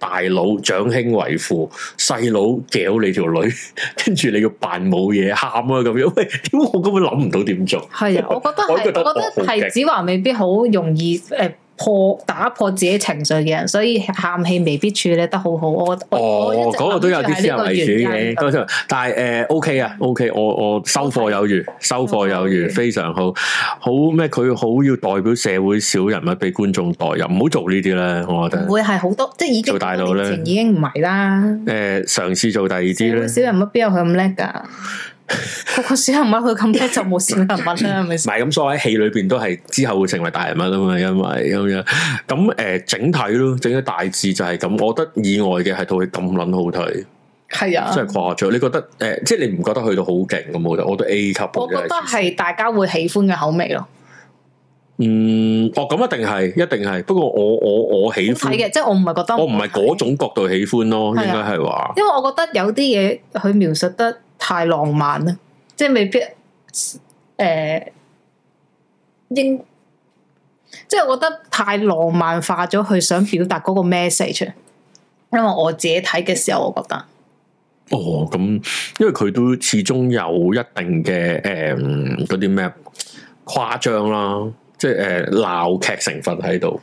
大佬，長兄為父，細佬搞你條女，跟住你要扮冇嘢，喊啊咁樣。喂，點解我根本諗唔到點做？係啊，我覺得係， 我覺得係子華未必好容易誒。呃破打破自己情緒嘅人，所以喊氣未必處理得好好。我覺得，哦，嗰個都有啲私人嘅原因，啊。但係誒，O K 啊，OK，我我收貨有餘，收貨有餘，非常好。好咩？佢好要代表社會小人物，俾觀眾代入，唔好做呢啲啦。我覺得唔會係好多，即係已經做大佬咧，已經唔係啦。誒、呃，嘗試做第二啲咧，小人物邊有佢咁叻㗎？個小人物佢咁叻就冇小人物啦，係咪先？唔係咁，所以喺戲裡邊都係之後會成為大人物啊嘛，因為咁樣咁誒、嗯、整體咯，整體大致就係咁。我覺得意外嘅係套戲咁捻好睇，係啊，真係誇張。你覺得誒、呃，即係你唔覺得去到好勁咁？冇得，我覺得 A 級，我,我覺得係大家會喜歡嘅口味咯。嗯，哦，咁一定係，一定係。不過我我我,我喜歡嘅，即係我唔係覺得，我唔係嗰種角度喜歡咯，啊、應該係話。因為我覺得有啲嘢佢描述得。太浪漫啦，即係未必誒、呃，應即係我覺得太浪漫化咗，佢想表達嗰個 message？因為我自己睇嘅時候，我覺得哦，咁、嗯、因為佢都始終有一定嘅誒啲咩誇張啦，即係誒、呃、鬧劇成分喺度。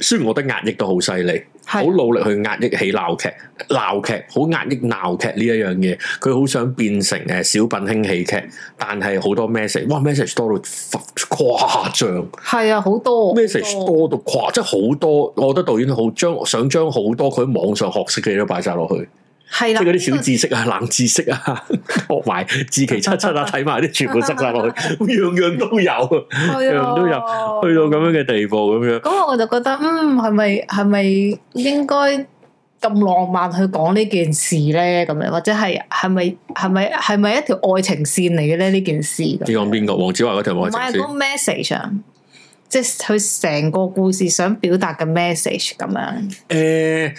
雖然我覺得壓抑都好犀利，好、啊、好努力去壓抑起鬧劇，鬧劇好壓抑鬧劇呢一樣嘢，佢好想變成誒小品輕喜劇，但係好多 message，哇 message 多到誇張，係啊好多 message 好多，多到誇，即係好多，我覺得導演好將想將好多佢喺網上學識嘅嘢都擺晒落去。係啦，即係嗰啲小知識啊、冷知識啊，學埋自其七七啊，睇埋啲全部塞晒落去，樣 樣都有， 樣都有 樣都有，去到咁樣嘅地步咁樣。咁我就覺得，嗯，係咪係咪應該咁浪漫去講呢件事咧？咁樣，或者係係咪係咪係咪一條愛情線嚟嘅咧？呢件事。你講邊個？黃子華嗰條愛情線係個。message 啊，即係佢成個故事想表達嘅 message 咁樣。誒。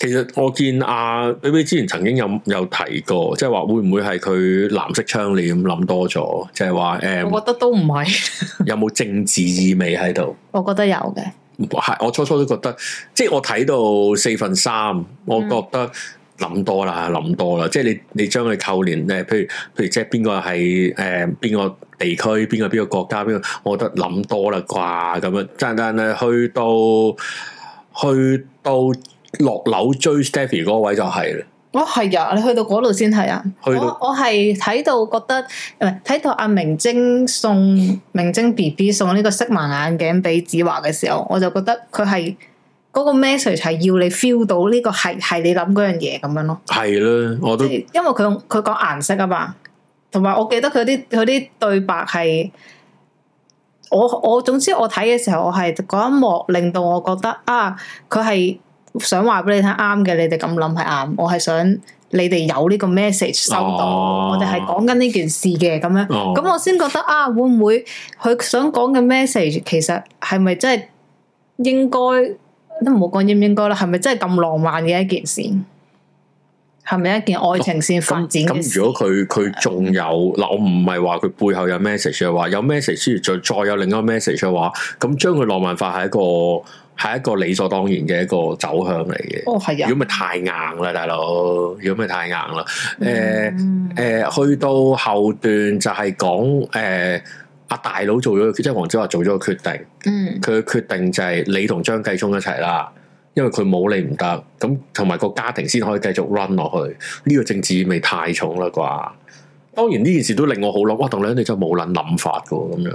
其實我見阿 B B 之前曾經有有提過，即係話會唔會係佢藍色窗簾諗多咗？即係話誒，我覺得都唔係。 有冇政治意味喺度？我覺得有嘅。係我初初都覺得，即係我睇到四分三，我覺得諗多啦，諗、嗯、多啦。即係你你將佢扣連誒，譬如譬如即係邊個係誒邊個地區，邊個邊個國家，邊個我覺得諗多啦啩咁樣。但但係去到去到。去到去到落樓追 Stephy 嗰位就係啦，哦，係啊，你去到嗰度先係啊，到我我係睇到覺得，唔係睇到阿、啊、明禎送明禎 B B 送呢個色盲眼鏡俾子華嘅時候，我就覺得佢係嗰個 message 係要你 feel 到呢個係係你諗嗰樣嘢咁樣咯，係啦、啊，我都因為佢佢講顏色啊嘛，同埋我記得佢啲佢啲對白係，我我總之我睇嘅時候我係嗰一幕令到我覺得啊，佢係。想話俾你聽啱嘅，你哋咁諗係啱。我係想你哋有呢個 message 收到，啊、我哋係講緊呢件事嘅咁樣。咁、啊、我先覺得啊，會唔會佢想講嘅 message 其實係咪真係應該都唔好講應唔應該啦？係咪真係咁浪漫嘅一件事？係咪一件愛情先發展？咁、啊啊啊、如果佢佢仲有嗱，我唔係話佢背後有 message，係話有 message 先再再有另外一個 message 嘅話，咁將佢浪漫化係一個。係一個理所當然嘅一個走向嚟嘅，如果咪太硬啦，大佬，如果咪太硬啦，嗯、誒誒，去到後段就係講誒阿、啊、大佬做咗即係黃子華做咗個決定，嗯，佢嘅決定就係你同張繼聰一齊啦，因為佢冇你唔得，咁同埋個家庭先可以繼續 run 落去，呢、這個政治意味太重啦啩，當然呢件事都令我好碌，我同你，你就冇諗諗法噶咁樣。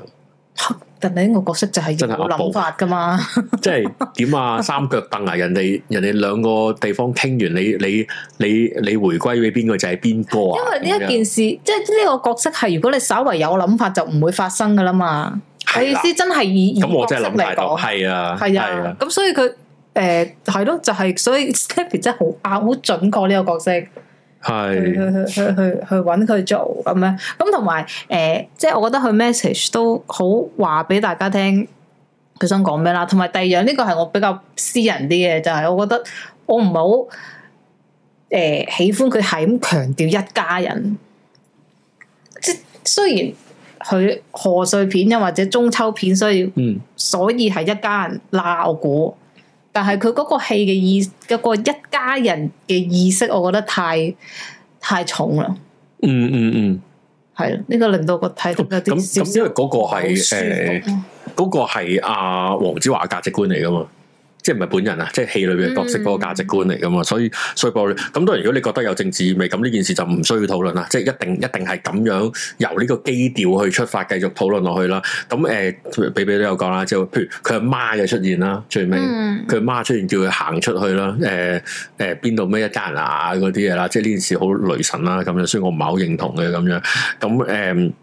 人哋呢個角色就係有諗法噶嘛，即係點啊？三腳凳啊！人哋人哋兩個地方傾完，你你你你回歸俾邊個就係邊個啊？因為呢一件事，即係呢個角色係如果你稍為有諗法，就唔會發生噶啦嘛。意思真係以咁我真係角色嚟講，係啊，係啊。咁所以佢誒係咯，就係所以 Stephy 真係好啊，好準確呢個角色。係去去去去去揾佢做咁樣，咁同埋誒，即、呃、係、就是、我覺得佢 message 都好話俾大家聽，佢想講咩啦。同埋第二樣，呢、這個係我比較私人啲嘅，就係、是、我覺得我唔係好誒喜歡佢係咁強調一家人。即雖然佢賀歲片又或者中秋片所以，嗯，所以係、嗯、一家人鬧。但係佢嗰個戲嘅意思，一、那個一家人嘅意識，我覺得太太重啦，嗯。嗯嗯嗯，係啦，呢、這個令到個睇有啲少少。咁咁，嗯，嗯嗯嗯，因為嗰個係誒，嗰、嗯呃，個係阿、呃、黃子華價值觀嚟㗎嘛。即係唔係本人啊！即係戲裏邊嘅角色嗰個價值觀嚟噶嘛，所以所以咁當然，如果你覺得有政治意味，咁呢件事就唔需要討論啦。即係一定一定係咁樣由呢個基調去出發繼討論去，繼續討論落去啦。咁、呃、誒，比比都有講啦,就譬如佢阿媽嘅出現啦，最尾佢阿媽出現、嗯、出現叫佢行出去啦。誒、呃、誒，邊度咩一家人啊嗰啲嘢啦，即係呢件事好雷神啦咁樣，所以我唔係好認同嘅咁樣。咁誒。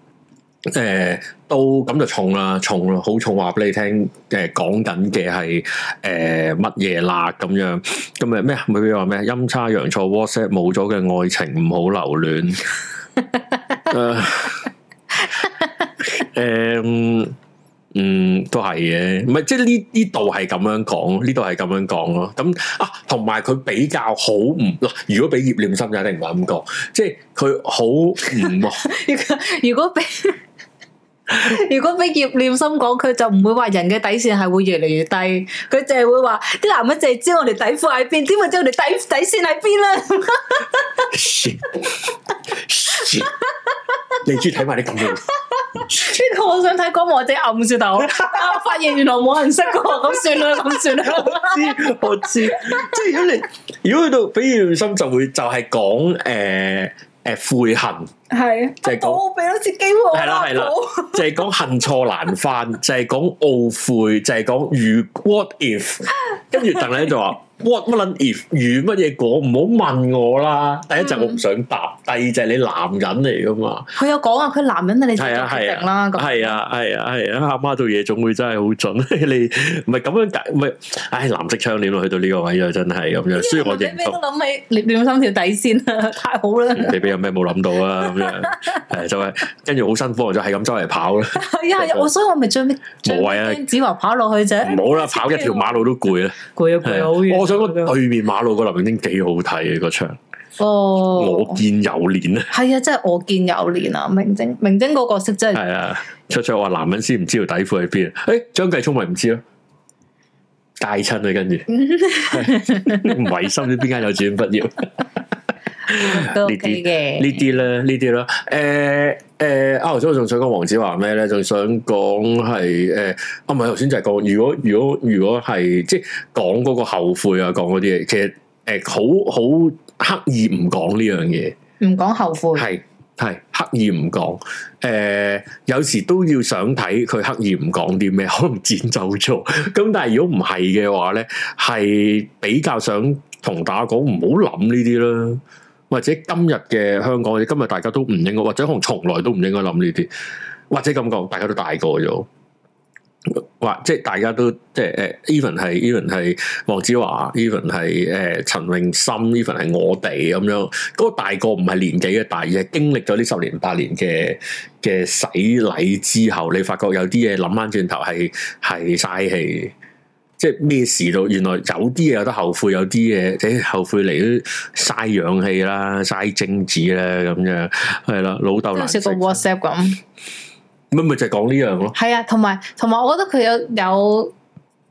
誒、呃，都咁就重，重，重、呃呃、啦，重咯，好重話俾你聽。誒，講緊嘅係誒乜嘢啦？咁樣咁咪咩？咪比如話咩陰差陽錯 WhatsApp 冇咗嘅愛情唔好留戀。誒，嗯，都係嘅，唔係即係呢呢度係咁樣講，呢度係咁樣講咯。咁啊，同埋佢比較好唔嗱、啊，如果俾葉念心就一定唔會咁講，即係佢好唔，如果俾。如果俾葉念琛講，佢就唔會話人嘅底線係會越嚟越低，佢淨係會話啲男嘅淨係知我哋底褲喺邊，點會知我哋底底線喺邊咧？你仲睇埋啲咁嘅？呢個我想睇講王者暗舌頭，發現原來冇人識，咁算啦，咁算啦。知 我知，我知 即係如果你如果去到俾葉念琛，就會就係講誒誒悔恨。係，就係講俾多次機會我阿寶，就係講恨錯難返，就係講懊悔，就係講如 What if？跟住鄧麗就話 What 乜撚 if？如乜嘢果？唔好問我啦！第一就我唔想答，第二就你男人嚟噶嘛。佢有講啊，佢男人咪你自己決定啦。係啊係啊係啊，阿媽做嘢總會真係好準。你唔係咁樣解，唔係唉，藍色窗簾去到呢個位真係咁樣。所以我哋都諗起，你你心條底綫太好啦！你邊有咩冇諗到啊？係就係跟住好辛苦，就係咁周圍跑咯。係、嗯、啊， 對對對，我所以我咪將咩？無謂啊，子華跑落去啫。唔好啦，跑一條馬路都攰啊，攰啊 了，攰好對 我想講對面馬路個林明禎幾好睇啊，個場。哦，oh, 我見有練咧。係啊，真係、啊就是、我見有練啊，明禎，明禎嗰角色真係、嗯。係啊，卓卓話男人先唔知道底褲喺邊啊。誒、欸，張繼聰咪唔知咯，介親啊，跟住。你唔遺心，你邊間幼稚園畢業。 呢啲嘅，呢啲咧，呢啲啦，誒誒，啱頭先我仲想講黃子華咩咧，仲想講係誒，啊唔係頭先就係講，如果如果如果係即係講嗰個後悔啊，講嗰啲嘢，其實誒好好刻意唔講呢樣嘢，唔講後悔，係係刻意唔講，誒、欸、有時都要想睇佢刻意唔講啲咩，可能剪走咗。咁但係如果唔係嘅話咧，係比較想同大家講唔好諗呢啲啦。或者今日嘅香港，今日大家都唔應該，或者可能從來都唔應該諗呢啲，或者咁講，大家都大個咗，或即係大家都即係誒，Even 係 Even 係黃子華，Even 係誒陳詠燊，Even 係我哋咁樣，嗰個大個唔係年紀嘅大，而係經歷咗呢十年八年嘅嘅洗禮之後，你發覺有啲嘢諗翻轉頭係係嘥氣。即係咩事都，原來有啲嘢有得後悔，有啲嘢即係後悔嚟都嘥氧氣啦，嘥精子啦。咁樣，樣，係咯，老豆難食。少個 WhatsApp 咁，咁咪就係講呢樣咯。係啊，同埋同埋，我覺得佢有有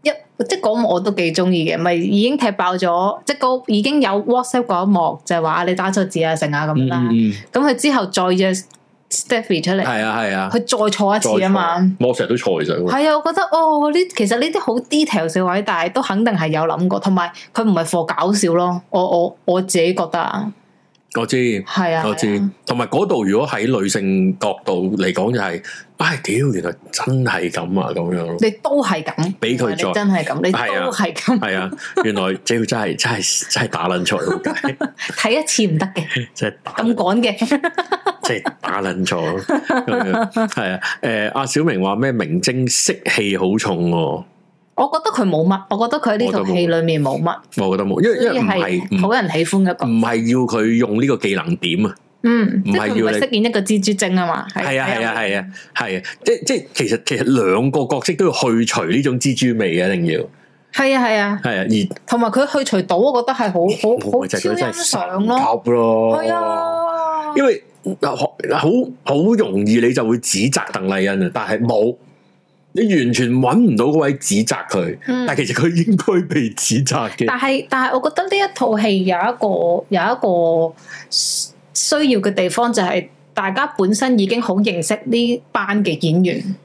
一即係嗰幕我都幾中意嘅，咪、就是、已經踢爆咗，即係已經有 WhatsApp 嗰一幕就係、是、話你打錯字啊，成啊咁啦。咁佢、嗯嗯、之後再約。Stephy 出嚟，係啊，係啊，佢、啊、再錯一次啊坐嘛，我成日都錯其實，係啊，我覺得哦，呢其實呢啲好 detail 嘅位，但係都肯定係有諗過，同埋佢唔係 for 搞笑咯，我我我自己覺得啊，啊我知，係啊，我知，同埋嗰度如果喺女性角度嚟講就係、是。哎，屌！原來真係咁啊，咁樣你都係咁，俾佢做，真係咁，你都係咁。係啊，原來只要真係真係真係打捻錯，睇一次唔得嘅，即係咁講嘅，即係打捻錯咯。係啊，誒，阿小明話咩？明禎色氣好重，我覺得佢冇乜，我覺得佢呢套戲裏面冇乜。我覺得冇，因為因為唔係好人喜歡嘅角，唔係要佢用呢個技能點啊。嗯，即係佢唔係飾演一個蜘蛛精啊嘛，係啊係啊係啊係啊，即係即係其實其實兩個角色都要去除呢種蜘蛛味嘅，一定要係啊係啊係啊，而同埋佢去除到，我覺得係好好好超欣賞咯，係啊，因為好好容易你就會指責鄧麗欣啊，但係冇，你完全揾唔到嗰位指責佢，但係其實佢應該被指責嘅，但係但係我覺得呢一套戲有一個有一個。需要嘅地方就係大家本身已經好認識呢班嘅演員。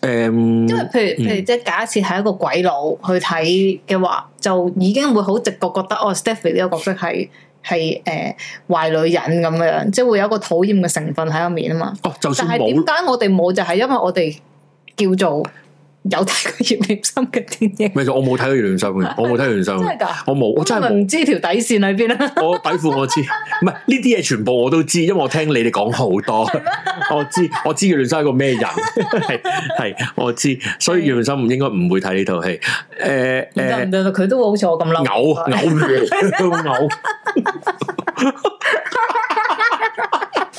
誒、嗯，因為譬如譬如即係假設係一個鬼佬去睇嘅話，就已經會好直覺覺得哦，Stephy 呢個角色係係誒壞女人咁樣，即係會有一個討厭嘅成分喺入面啊嘛。哦，就算冇，但係點解我哋冇？就係、是、因為我哋叫做。有睇過葉念琛嘅電影？咪，我冇睇過葉念琛，我冇睇葉念琛，我冇，我真係唔知條底線喺邊啦。我底褲我知，唔係呢啲嘢全部我都知，因為我聽你哋講好多嗎 我，我知葉 我知葉念琛係個咩人，係，係我知，所以葉念琛唔應該唔會睇呢套戲。誒佢、嗯呃、都會好似我咁嬲，嘔嘔尿，嘔。誒誒、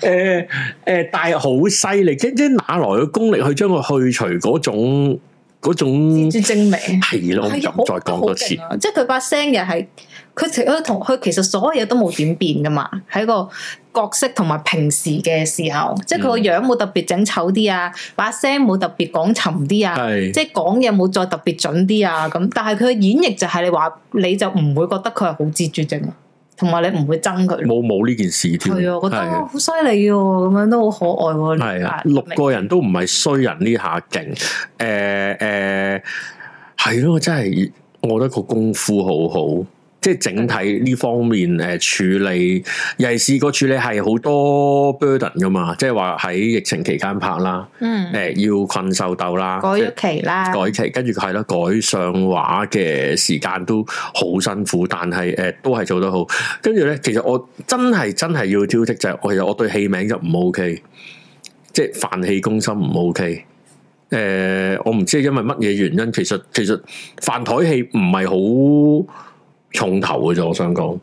呃呃，但係好犀利，即係哪來嘅功力去將佢去除嗰種嗰種蜘蛛精味？係我唔再講多次，嗯嗯、即係佢把聲又係佢佢同佢其實所有嘢都冇點變噶嘛，喺個角色同埋平時嘅時候，即係佢個樣冇特別整醜啲啊，把聲冇特別講沉啲啊，即係講嘢冇再特別準啲啊咁。但係佢嘅演繹就係你話，你就唔會覺得佢係好蜘蛛精。同埋你唔會憎佢冇冇呢件事添，係啊，我覺得好犀利喎，咁樣都好可愛喎、啊。啊，六個人都唔係衰人呢下勁，誒、呃、誒，係、呃、咯，啊、真係，我覺得個功夫好好。即係整體呢方面，誒、呃、處理，尤其是個處理係好多 burden 噶嘛，即係話喺疫情期間拍啦，誒、嗯呃、要困獸鬥啦，改期啦，改期，跟住係咯，改上畫嘅時間都好辛苦，但係誒、呃、都係做得好。跟住咧，其實我真係真係要挑剔就係、是，其實我對戲名就唔 ok，即係飯氣攻心唔 ok。誒、呃，我唔知係因為乜嘢原因，其實其實飯台戲唔係好。重頭嘅啫，我想講。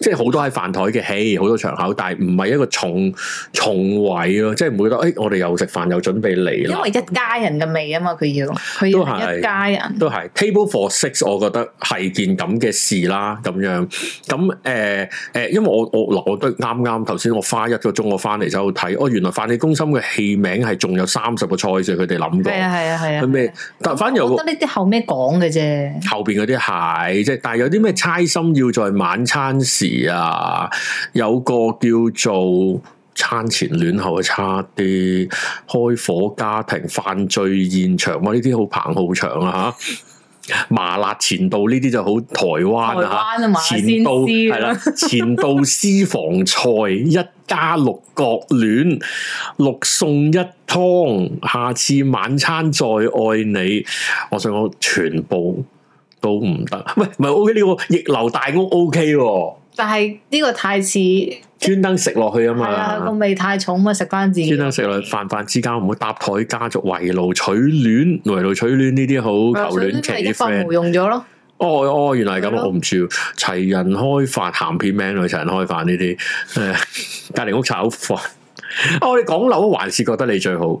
即係好多喺飯台嘅戲，好多場口，但係唔係一個重重位咯，即係唔會覺得。誒、哎，我哋又食飯又準備嚟，因為一家人嘅味啊嘛，佢要佢要都係一家人，都係 table for six，我覺得係件咁嘅事啦，咁樣咁誒誒，因為我我嗱，我都啱啱頭先，我，我，我花一個鐘，我翻嚟就睇，哦，原來《飯氣攻心》嘅戲名係仲有三十個菜式，佢哋諗過，係啊係啊係啊，佢咩得，啊啊啊啊、但反而覺得呢啲後尾講嘅啫，後邊嗰啲蟹即係，但係有啲咩猜心要在晚餐時。啊！Yeah, 有個叫做餐前戀後差啲，開火家庭犯罪現場，哇！呢啲好彭浩翔啊吓，麻辣前度呢啲就好台、台灣啊，前度係啦，前度私房菜，一家六角戀，六餸一湯，下次晚餐再愛你。我想講全部都唔得，喂唔係 OK，呢個逆流大屋 OK。但係呢個太似專登食落去啊嘛，個、啊、味太重嘛，食翻自己。專登食落去，飯飯之間，唔會搭台家族圍爐取暖，圍爐取暖呢啲好求暖期，冇用咗咯。哦哦，哦，原來係咁，嗯、我唔住，齊人開飯鹹片名咯，齊人開飯呢啲隔籬屋炒飯。我哋講樓，還是覺得你最好。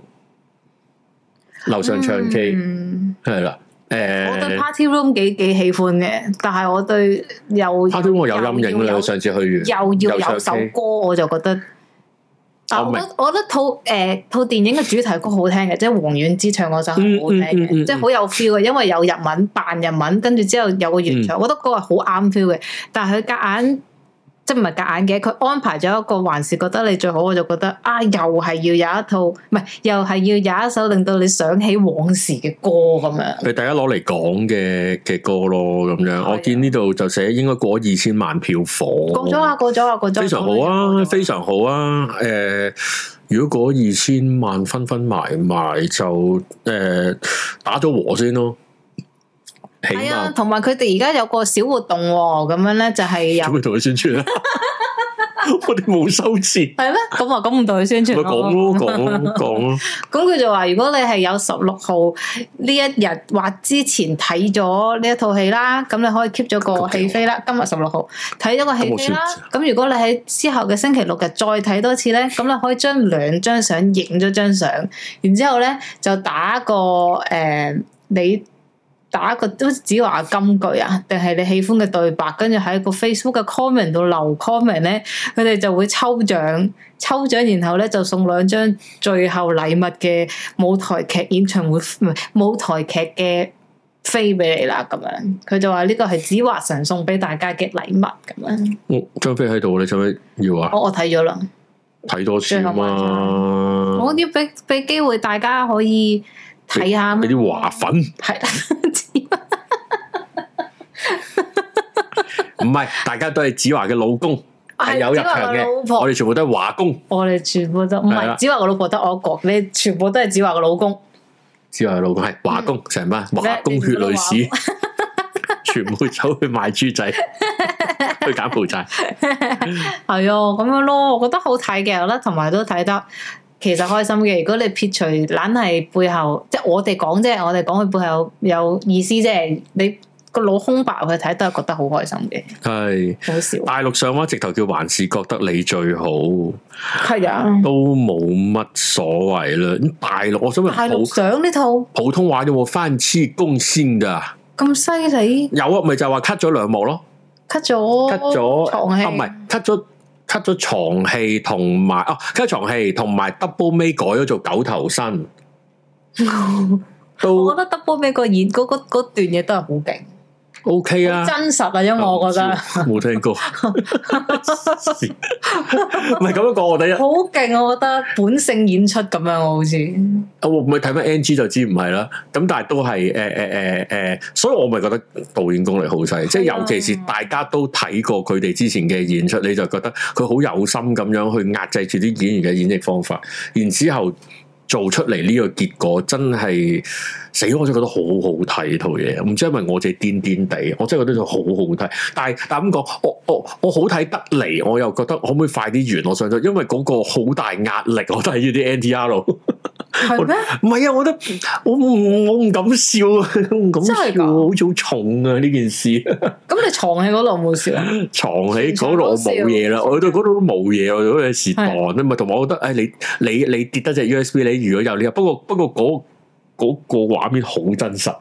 樓上唱 K 係啦、嗯。嗯 Uh, 我對 party room 幾幾喜歡嘅，但係我對又有 party room 我有陰影啦。有又上次去完又要有首歌，我就覺得。但我我覺得套誒套電影嘅主題曲好聽嘅，即係王菀之唱嗰首係好聽嘅， 嗯嗯嗯，即係好有 feel 嘅，因為有日文扮日文，跟住之後有個原唱，嗯、我覺得嗰個係好啱 feel 嘅，但係佢夾硬，即唔係夾硬嘅，佢安排咗一個，還是覺得你最好，我就覺得啊，又係要有一套，唔係又係要有一首令到你想起往事嘅歌咁樣。你大家攞嚟講嘅嘅歌咯，咁樣。我見呢度就寫應該過二千萬票房。過咗啊，過咗啊，過咗。非常好啊，非常好啊。誒，如果過二千萬，分分埋埋就誒打咗和先咯。係啊，同埋佢哋而家有，有個小活動咁樣咧，就係又會同佢宣傳啊！ 我哋冇收錢，係咩？咁啊，咁唔同佢宣傳咯。講咯，講咯，講咯。咁佢就話：如果你係有十六號呢一日或之前睇咗呢一套戲啦，咁你可以 keep 咗個戲飛啦。今日十六號睇咗、嗯、了個戲飛啦。咁、啊、如果你喺之後嘅星期六日再睇多次咧，咁你可以將兩張相影咗張相，然之後咧就打個誒、呃、你。打一個都子華金句啊？定係你喜歡嘅對白？跟住喺個 Facebook 嘅 comment 度留 comment 咧，佢哋就會抽獎，抽獎然後咧就送兩張最後禮物嘅舞台劇演唱會唔係舞台劇嘅飛俾你啦。咁樣佢就話呢個係子華神送俾大家嘅禮物咁樣。嗯、哦，張飛喺度，你做咩要啊？我我睇咗啦，睇多次嘛。啊！我要俾俾機會大家可以。睇下嗰啲華粉，係唔係？大家都係子華嘅老公，係有入場嘅。我哋全部都係華工，我哋全部都唔係子華嘅老婆得我一個，你全部都係子華嘅老公。子華嘅老公係華工，成班華工血淚史，全部走去賣豬仔，去柬埔寨。係啊，咁樣咯，我覺得好睇嘅，我覺得同埋都睇得。其實開心嘅，如果你撇除，懶係背後，即係我哋講即係，我哋講佢背後有意思即係，你個腦空白去睇都係覺得好開心嘅。係是，好笑。大陸上話直頭叫，還是覺得你最好。係啊的，都冇乜所謂啦。咁大陸，我想問，大陸上呢套普通話有冇翻黐工先噶？咁犀利？有啊，咪就係話 cut 咗兩幕咯，cut 咗，cut 咗，唔係 cut 咗。出咗床戲同埋哦、啊、出咗床戲同埋 Double May 改咗做九頭身，都 到 我覺得 Double May，那個演個段嘢都係好勁。O、okay、K 啊，真實啊，因為我覺得冇、啊、聽過，唔係咁樣講我哋一，好勁我覺得本性演出咁樣，我好似、啊、我唔咪睇翻 N G 就知唔係啦。咁但係都係誒誒誒誒，所以我咪覺得導演功力好犀利， 即係尤其是大家都睇過佢哋之前嘅演出，你就覺得佢好有心咁樣去壓制住啲演員嘅演繹方法，然之後。做出嚟呢個結果真係死，我就係覺得好好睇套嘢。唔知係咪我哋係癲癲地，我真係覺得套好好睇。但係但咁講，我我我好睇得嚟，我又覺得可唔可以快啲完？我上咗，因為嗰個好大壓力，我都睇呢啲 NTR 係咩？唔係啊，我覺得我唔我唔敢笑啊，唔敢笑真好似好重啊呢件事。咁你藏喺嗰度冇事啊？藏喺嗰度我冇嘢啦，我到嗰度都冇嘢。我嗰陣時盪咁咪，同埋我覺得誒，你你你跌得隻 USB 你。你你如果有呢個，不過不過嗰嗰個畫面好真實，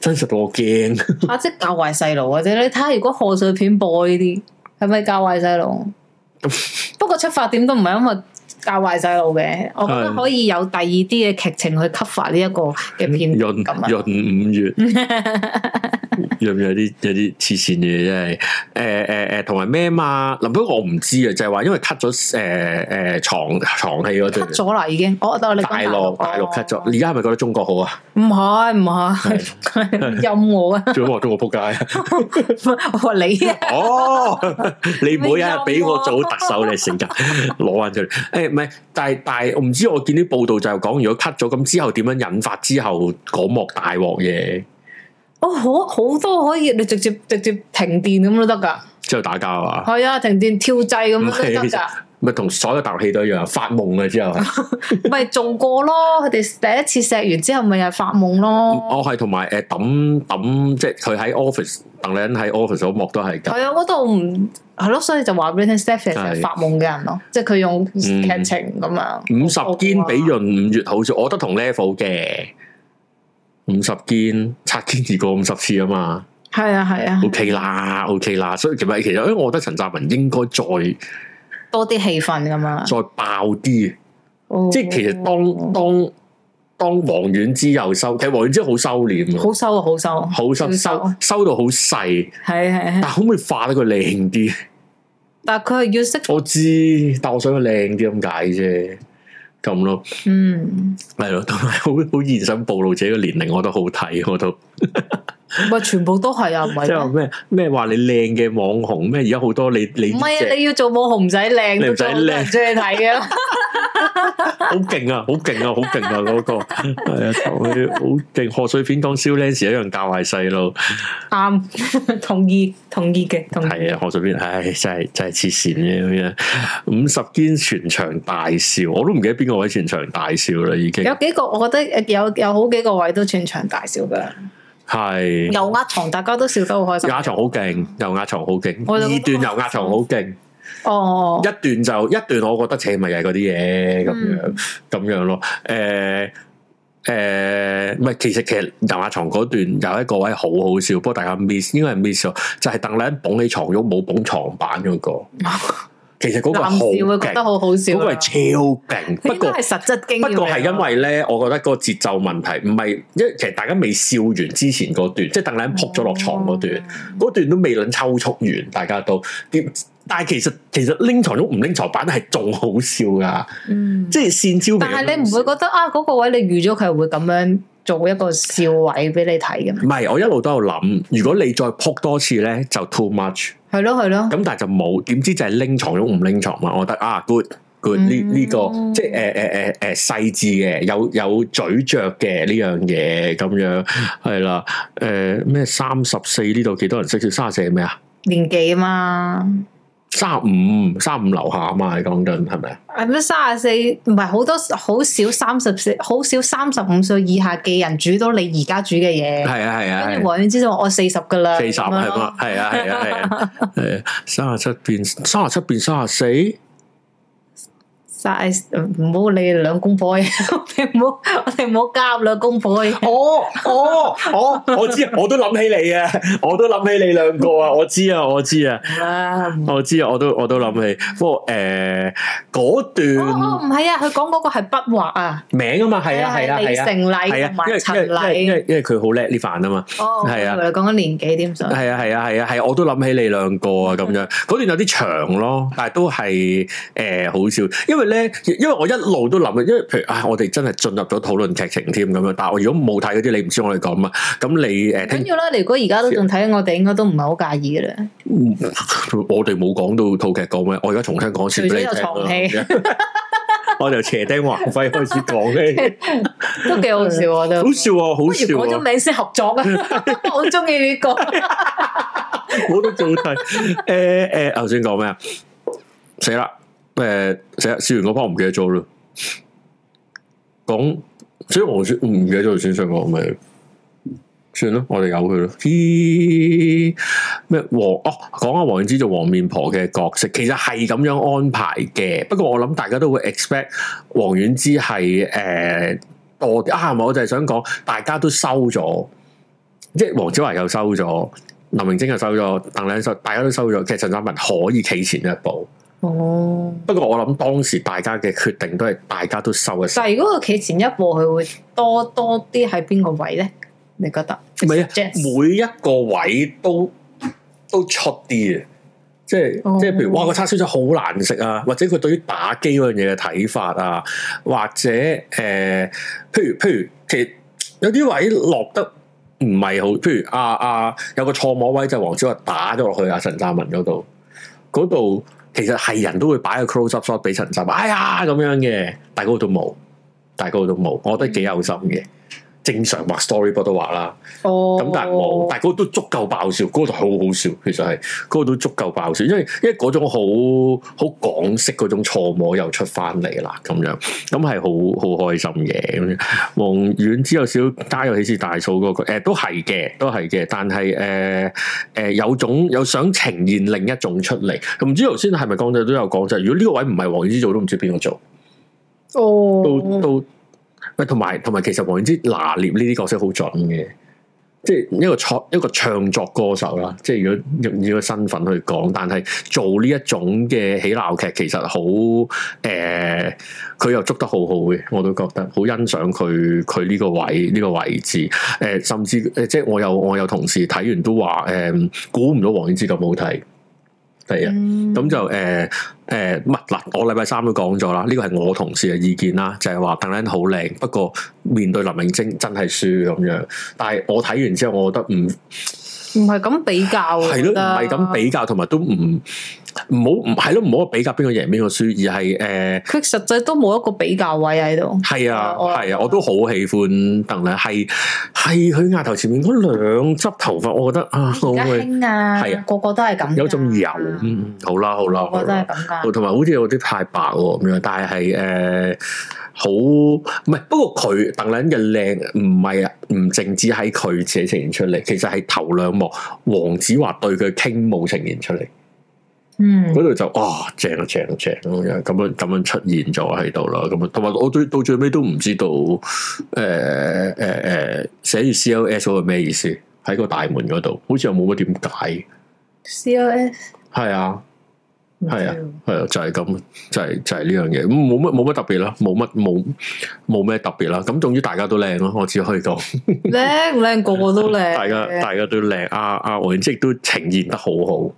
真實到我驚。啊！即係教壞細路或者你睇下，如果賀歲片播呢啲，係咪教壞細路？ 不過出發點都唔係因為。教壞細路嘅，我覺得可以有第二啲嘅劇情去 cover 呢一個嘅片咁。閏、嗯、五月，咁 有啲有啲黐線嘢真係。誒誒誒，同埋咩嘛？林峰，我唔知啊，就係話因為 cut 咗誒誒床床戲嗰度。cut 咗啦，已經。我覺得大浪大浪 cut 咗，而家係咪覺得中國好啊？唔係唔係，任我啊！做中中國仆街啊！我話你，哦，你每日俾我做特首嚟性格，攞翻出嚟。 唔係，但係但係，我唔知我見啲報道就係講，如果 cut 咗咁之後點樣引發之後嗰幕大鑊嘢？哦，好好多可以，你直接直接停電咁都得㗎。之後打交啊？係 啊，停電跳掣咁都得㗎。咪同所有大陸戲都一樣，發夢啊之後。咪仲 過咯，佢哋第一次錫完之後咪又發夢咯。哦，係同埋誒抌抌，即係佢喺 office 鄧麗欣喺 office 嗰幕都係。係啊，嗰度唔。係咯，所以就話 Britney Spears 係發夢嘅人咯，即係佢用劇情咁樣五十肩比潤五月好少，我覺得同 Level 嘅五十肩擦肩而過五十次啊嘛，係啊係啊，OK 啦 OK 啦，所以其實其實，誒，我覺得陳湛文應該再多啲戲份咁樣，再爆啲，即係其實當當當王菀之又收，其實王菀之好收斂，好收啊好收，好收收收到好細，係係，但可唔可以化得佢靚啲？但佢係要識，我知，但我想佢靚啲咁解啫，咁咯，嗯，係咯，同埋好好現身暴露自己嘅年齡，我都好睇，我都。咪全部都係啊！唔係即係咩咩話你靚嘅網紅咩？而家好多你你唔係啊！你要做網紅唔使靚都做，唔中意睇嘅。好勁啊！好勁啊！好勁啊！嗰個係啊！好勁！賀歲片當小靚時一樣教壞細路。啱，同意同意嘅同。係啊，賀歲片唉，真係真係黐線嘅咁樣。五十肩全場大笑，我都唔記得邊個位全場大笑啦。已經有幾個，我覺得有有好幾個位都全場大笑噶。係，油壓是床大家都笑得好開心床。油壓床好勁，油壓床好勁，二段油壓床好勁。哦、oh.，一段就一段，我覺得扯咪又係嗰啲嘢咁樣，咁、mm. 樣咯。誒、欸，誒，唔係，其實其實油壓床嗰段有一個位好好笑，不過大家 miss，應該係 miss 咗，就係鄧麗欣捧起床褥冇捧床板嗰、那個。 其實嗰個好勁，會覺得好好笑。嗰個係超勁，不過係實質經驗。不過係因為咧，我覺得個節奏問題，唔係因為其實大家未笑完之前嗰段，即係鄧麗欣撲咗落床嗰段，嗰、嗯、段都未能抽搐完，大家都，但係其實其實拎床褥唔拎床板係仲好笑噶，嗯、即係善招。但係你唔會覺得啊？嗰、嗰個位你預咗佢會咁樣做一個笑位俾你睇嘅？唔係，我一路都有諗，如果你再撲多次咧，就 too much。係咯，係咯，咁但係就冇，點知就係拎藏咗唔拎藏嘛。我覺得啊，good good 呢呢、嗯，這個即係誒誒誒誒細致嘅，有有咀嚼嘅呢樣嘢咁樣係啦。誒咩三十四呢度幾多人識叫卅四咩啊？年紀吖嘛。三五三五樓下啊嘛，你講緊係咪啊？係咩？三十四唔係好多好少三十四，好少三十五歲以下嘅人煮到你而 家煮嘅嘢。係啊係啊，跟住黃遠知道我四十噶啦。四十係嘛？係啊係啊係啊，三十七變三十七變三十四。唔好你兩公婆，你唔好我哋唔好夾兩公婆。哦哦哦，我知，我都諗起你啊，我都諗起你兩個啊，我知啊，我知啊，我知啊，我都我都諗起。不過誒，嗰段哦唔係啊，佢講嗰個係筆畫啊名啊嘛，係啊係啊係啊，李成禮同埋因為因為佢好叻呢飯啊嘛，係啊。講緊年紀點算？係啊係啊係啊係，我都諗起你兩個啊咁樣。嗰段有啲長咯，但係都係誒好笑，因為，咧，因為我一路都諗，因為譬如啊，我哋真係進入咗討論劇情添咁樣。但係我如果冇睇嗰啲，你唔知我哋講嘛。咁你誒，緊要咧。你如果而家都仲睇，我哋應該都唔係好介意嘅啦。我哋冇講到套劇講咩，我而家重新講一次俾你聽。我由斜釘橫輝開始講嘅，都幾 好，好笑啊！都好笑啊！好笑啊！咗名先合作啊！ 我好中意呢個。 我都仲睇。誒、呃、誒，頭先講咩啊？死、呃呃呃、啦！Okay? 誒，成日完嗰 p 唔記得咗咯，講，所以黃雪唔記得咗，先上講咪算啦，我哋由佢咯。咦？咩黃？哦，講下王菀之做黃面婆嘅角色，其實係咁樣安排嘅。不過我諗大家都會 expect 王菀之係誒惰啲啊，唔係，我就係想講，大家都收咗，即係黃子華又收咗，林明禎又收咗，鄧麗欣大家都收咗，其實陳湛文可以企前一步。哦，oh. 不過我諗當時大家嘅決定都係大家都收一收。但係如果佢企前一步，佢會多多啲喺邊個位咧？你覺得？唔係啊，每一個位都都出啲嘅，即係即係譬如哇個叉燒仔好難食啊，或者佢對於打機嗰樣嘢嘅睇法啊，或者誒、呃，譬如譬如其實有啲位落得唔係好，譬如阿阿、啊啊、有個錯摸位就黃、是、子華打咗落去阿陳湛文度嗰度。其實係人都會擺個 close up shot 俾陳集，哎呀咁樣嘅，大哥都冇，大哥都冇，我覺得幾有心嘅。經常畫 story 不都畫啦，咁、oh. 但係冇，但係嗰個都足夠爆笑，嗰、嗰個就好好笑。其實係嗰、嗰個都足夠爆笑，因為因為嗰種好好港式嗰種錯摸又出翻嚟啦，咁樣咁係好好開心嘅。咁王菀之有少加，有啲似大嫂嗰、嗰個，誒都係嘅，都係嘅。但係誒誒，有種有想呈現另一種出嚟，唔知頭先係咪江仔都有講就，如果呢個位唔係王菀之做，oh. 都唔知邊個做。哦，都都。同埋同埋，其實王菀之拿捏呢啲角色好準嘅，即係一個唱一個唱作歌手啦，即係如果用呢個身份去講，但係做呢一種嘅喜鬧劇，其實好誒，佢、呃、又捉得好好嘅，我都覺得好欣賞佢佢呢個位呢、這個位置誒、呃，甚至誒，即係我有我有同事睇完都話誒，估、呃、唔到王菀之咁好睇。係啊，咁就誒誒，唔嗱， 我禮拜三都講咗啦，呢個係我同事嘅意見啦，就係話鄧 a 好靚，不過面對林明晶真係輸咁樣。但係我睇完之後，我覺得唔唔係咁比較，係咯，唔係咁比較，同埋都唔。唔好唔係咯，唔好比較邊個贏邊個輸，而係誒，佢實際都冇一個比較位喺度。係啊，係啊，我都好喜歡鄧麗，係係佢額頭前面嗰兩撮頭髮，我覺得啊，而家興啊，係啊，個個都係咁，有陣油，嗯，好啦好啦，我覺得咁噶，同埋好似有啲太白喎咁樣，但係係誒好，唔係，不過佢鄧麗欣嘅靚唔係唔淨止喺佢自己呈現出嚟，其實係頭兩幕黃子華對佢傾慕呈現出嚟。嗰度、 mm hmm. 就、哦、啊，正啊正啊正咁樣咁樣咁樣出現咗喺度啦，咁啊同埋我最到最尾都唔知道誒誒誒寫住 C O S 嗰個咩意思喺個大門嗰度，好似又冇乜點解 C O S 係啊係啊係啊就係咁就係就係呢樣嘢，冇乜冇乜特別啦，冇乜冇冇咩特別啦，咁終於大家都靚咯，我只可以講靚靚個個都靚，大家大家都靚，阿阿王菀之都呈現得好好。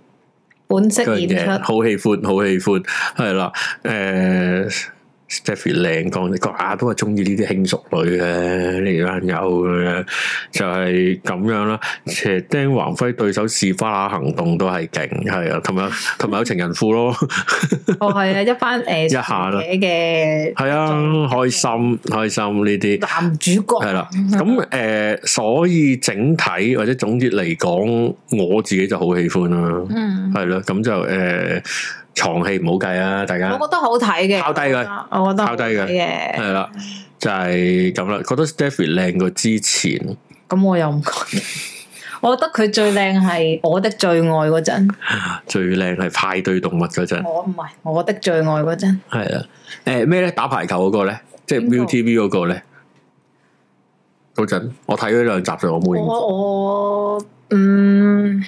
本色演出然，好喜歡，好喜歡，係啦、嗯，誒。 呃 Jeffrey 靚，講啲，哇、啊，都係中意呢啲輕熟女嘅呢班友咁樣，就係咁樣啦。而且丁王輝對手示花行動都係勁，係啊，同埋同埋有情人婦咯。哦，係啊，一班誒寫嘅係啊，的開心開心呢啲男主角係啦。咁誒，所以整體或者總結嚟講，我自己就好喜歡啦。嗯，係啦、嗯，咁就誒。床戲唔好計啊，大家。我覺得好睇嘅，靠低佢。我覺得。靠低佢嘅，係啦， 就係咁啦。覺得 Stephy 靚過之前。咁我又唔覺。 我覺得佢最靚係我的最愛嗰陣。 最靚係派對動物嗰陣。我唔係我的最愛嗰陣。係啦，誒咩咧？打排球嗰個咧，即係 Viu TV 嗰個咧，嗰陣我睇咗兩集就我冇。我我嗯。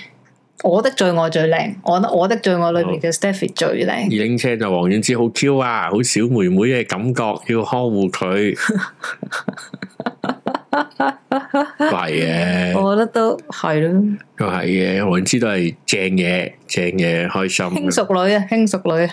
我的最愛最靚，我覺得我的最愛裏邊嘅 Stephy 最靚。影車就王菀之好 Q 啊，好小妹妹嘅感覺，要呵護佢。唔係嘅，我覺得都係咯。都係嘅，菀之都係正嘢，正嘢開心。輕熟女啊，輕熟女啊。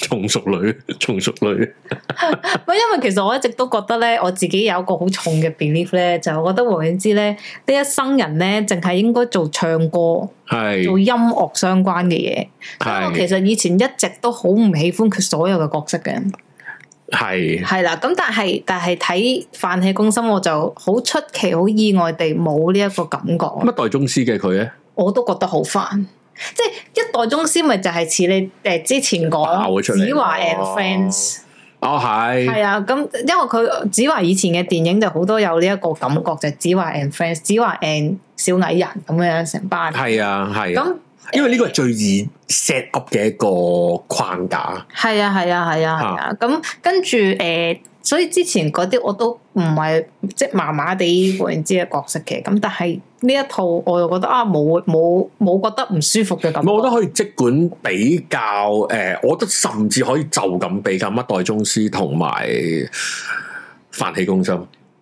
成熟女，成熟女。唔 因為其實我一直都覺得咧，我自己有一個好重嘅 belief 咧，就我覺得王菀之咧呢一生人咧淨係應該做唱歌，係是做音樂相關嘅嘢。所以是我其實以前一直都好唔喜歡佢所有嘅角色嘅。係係是啦，咁但係但係睇《飯氣攻心》，我就好出奇、好意外地冇呢一個感覺。乜代宗師嘅佢咧？呢我都覺得好煩。即係一代宗師咪就係似你誒之前講，子華 and friends，哦係，係、哦、啊，咁因為佢子華以前嘅電影就好多有呢一個感覺，就係子華 and friends，子華 and 小矮人咁樣成班，係啊係，咁、啊啊、因為呢個係最易 set up 嘅一個框架，係啊係啊係啊係啊，咁跟住誒。嗯所以之前嗰啲我都唔係即係麻麻地，然之嘅角色嘅，咁但係呢一套我又覺得啊冇冇冇覺得唔舒服嘅感覺。我覺得可以，即管比較誒、呃，我覺得甚至可以就咁比較《乜代宗師》同埋《飯氣攻心》。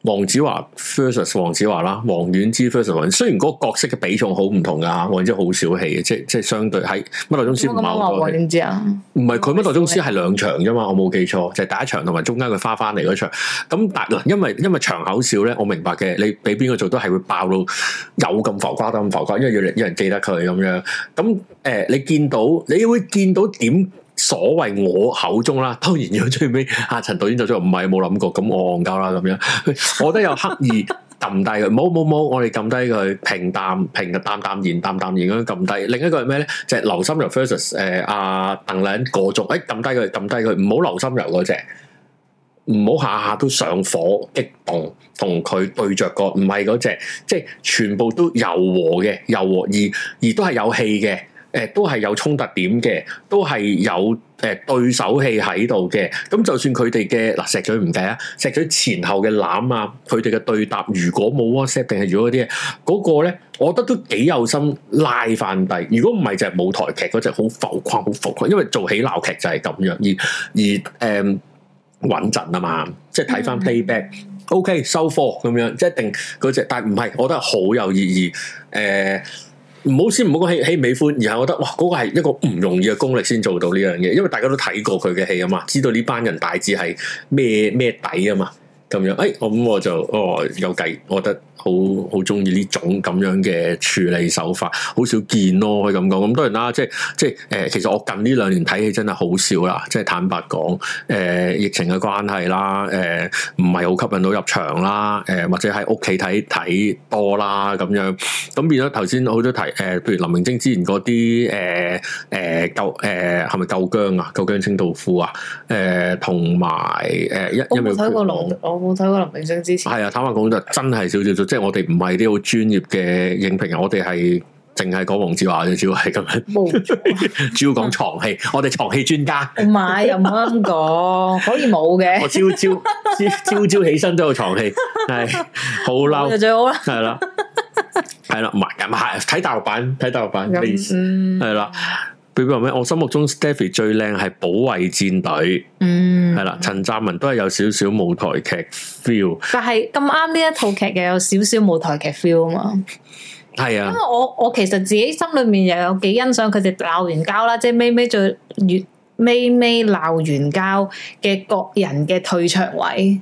黃子華 versus 黃子華啦，王菀之 versus 黃，雖然嗰個角色嘅比重好唔同噶吓，王菀之好少戲嘅，即係即係相對喺乜代宗師唔係好多。王菀之啊，唔係佢乜代宗師係兩場啫嘛，我冇記錯，就係、是、第一場同埋中間佢花返嚟嗰場。咁但嗱，因為因為場口少咧，我明白嘅，你俾邊個做都係會爆到有咁浮誇得咁浮誇，因為有人有人記得佢咁樣。咁誒、呃，你見到你會見到點？所謂我口中啦，當然要最尾阿陳導演就做唔係冇諗過，咁我戇鳩啦咁樣， 我都有刻意揼 低佢，冇冇冇，我哋撳低佢平淡平淡淡然淡淡然咁樣撳低。另一個係咩咧？就係、是、劉心柔 versus 阿鄧麗欣個種，誒、欸、撳低佢撳低佢，唔好劉心柔嗰隻，唔好下下都上火激動，同佢對着、那個唔係嗰隻，即係、就是、全部都柔和嘅柔和，而而，而，而都係有氣嘅。誒都係有衝突點嘅，都係有誒、呃、對手戲喺度嘅。咁就算佢哋嘅嗱石嘴唔計啊，石嘴前後嘅攬啊，佢哋嘅對答，如果冇 WhatsApp 定係如果嗰啲，嗰、嗰個咧，我覺得都幾有心拉翻低。如果唔係就係舞台劇嗰隻好浮誇，好浮誇。因為做起鬧劇就係咁樣，而而誒穩陣啊嘛，即係睇翻 playback，OK，收貨咁樣，即一定嗰隻。但唔係，我覺得好有意義誒。呃唔好先唔好講喜喜唔喜歡，而係我覺得哇，嗰、嗰個係一個唔容易嘅功力先做到呢樣嘢，因為大家都睇過佢嘅戲啊嘛，知道呢班人大致係咩咩底啊嘛。咁樣，誒、哎，我、嗯、咁我就，哦，有計，我覺得好好鍾意呢種咁樣嘅處理手法，好少見咯，可以咁講。咁、嗯、當然啦，即係即係誒，其實我近呢兩年睇戲真係好少啦，即係坦白講，誒、呃，疫情嘅關係啦，誒、呃，唔係好吸引到入場啦，誒、呃，或者喺屋企睇睇多啦咁樣，咁變咗頭先好多提誒，譬、呃、如林明禎之前嗰啲誒誒舊誒係咪救殭啊，救殭清道夫啊，誒同埋誒一我冇睇過龍。我冇睇過林明禎之前。係啊，坦白講就真係少少少，即係我哋唔係啲好專業嘅影評人，我哋係淨係講黃子華啫，要樣錯 主要係咁樣。冇，主要講床戲，我哋床戲專家。唔係，又唔啱講，可以冇嘅。我朝朝 朝朝起身都有床戲，係好嬲， 就最好啦。係 啦，係啦，唔係唔係，睇大陸版，睇大陸版，咁意思，係啦。佢話咩？我心目中 Stephy 最靚係保衛戰隊，嗯，係啦。陳湛文都係有少少舞台劇 feel，但係咁啱呢一套劇又有少少舞台劇 feel 啊嘛，係啊。因為我我其實自己心裏面又有幾欣賞佢哋鬧完交啦，即係妹妹最越妹妹鬧完交嘅各人嘅退場位，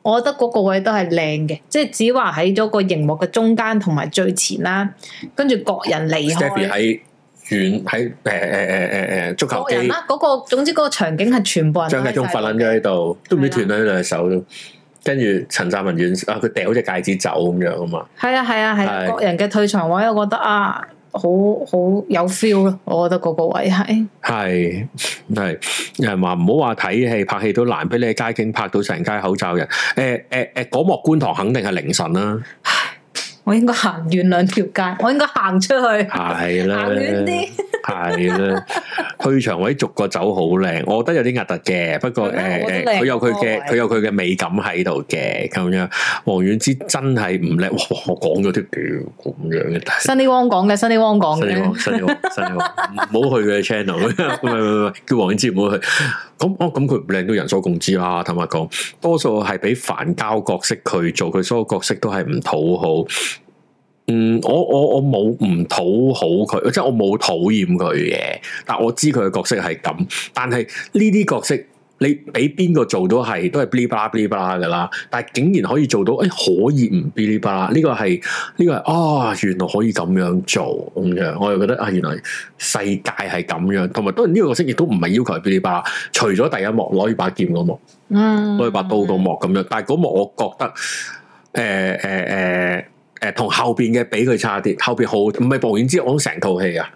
我覺得嗰個位都係靚嘅，即係只話喺咗個熒幕嘅中間同埋最前啦，跟住各人離開。Stephy 喺。遠喺誒誒誒誒誒足球啦，啊嗰個總之嗰個場景係全部人張繼聰瞓捻咗喺度，錯都唔知斷咗兩隻手，跟住陳湛文遠啊，佢掉好隻戒指走咁樣啊嘛，係啊係啊係，個是是人嘅退場位，我覺得啊，好好有 feel 咯，我覺得個個位係係係人話唔好話睇戲拍戲都難，俾你喺街景拍到成街口罩人，誒誒誒，嗰幕觀塘肯定係凌晨啦。我應該行遠兩條街，我應該行出去，行 遠啲。係啦， 去場位逐個走好靚，我覺得有啲壓突嘅。不過誒誒，佢、 呃呃、有佢嘅佢有佢嘅美感喺度嘅。咁樣，王菀之真係唔叻。哇！我講咗啲咁樣嘅，新啲汪講嘅，新啲汪講嘅，新啲汪新啲汪，唔好 去佢嘅 channel。唔係唔係唔係，叫王菀之唔好去。咁我咁佢唔靚都人所共知啦、啊。坦白講，多數係俾凡交角色佢做，佢所有角色都係唔討好。嗯，我我我冇唔討好佢，即係我冇討厭佢嘅，但我知佢嘅角色係咁。但係呢啲角色，你俾邊個做到係都係嗶哩吧啦嗶哩吧啦噶啦，但係竟然可以做到，誒、哎、可以唔嗶哩吧啦？呢、這個係呢、這個係啊、哦，原來可以咁樣做咁樣，我又覺得啊、哎，原來世界係咁樣。同埋當然呢個角色亦都唔係要求嗶哩吧啦，除咗第一幕攞住把劍嘅幕，攞住把刀嘅幕咁樣，但係嗰幕我覺得誒誒誒。呃呃呃呃誒同後邊嘅比佢差啲，後邊好唔係薄遠之，我諗成套戲啊，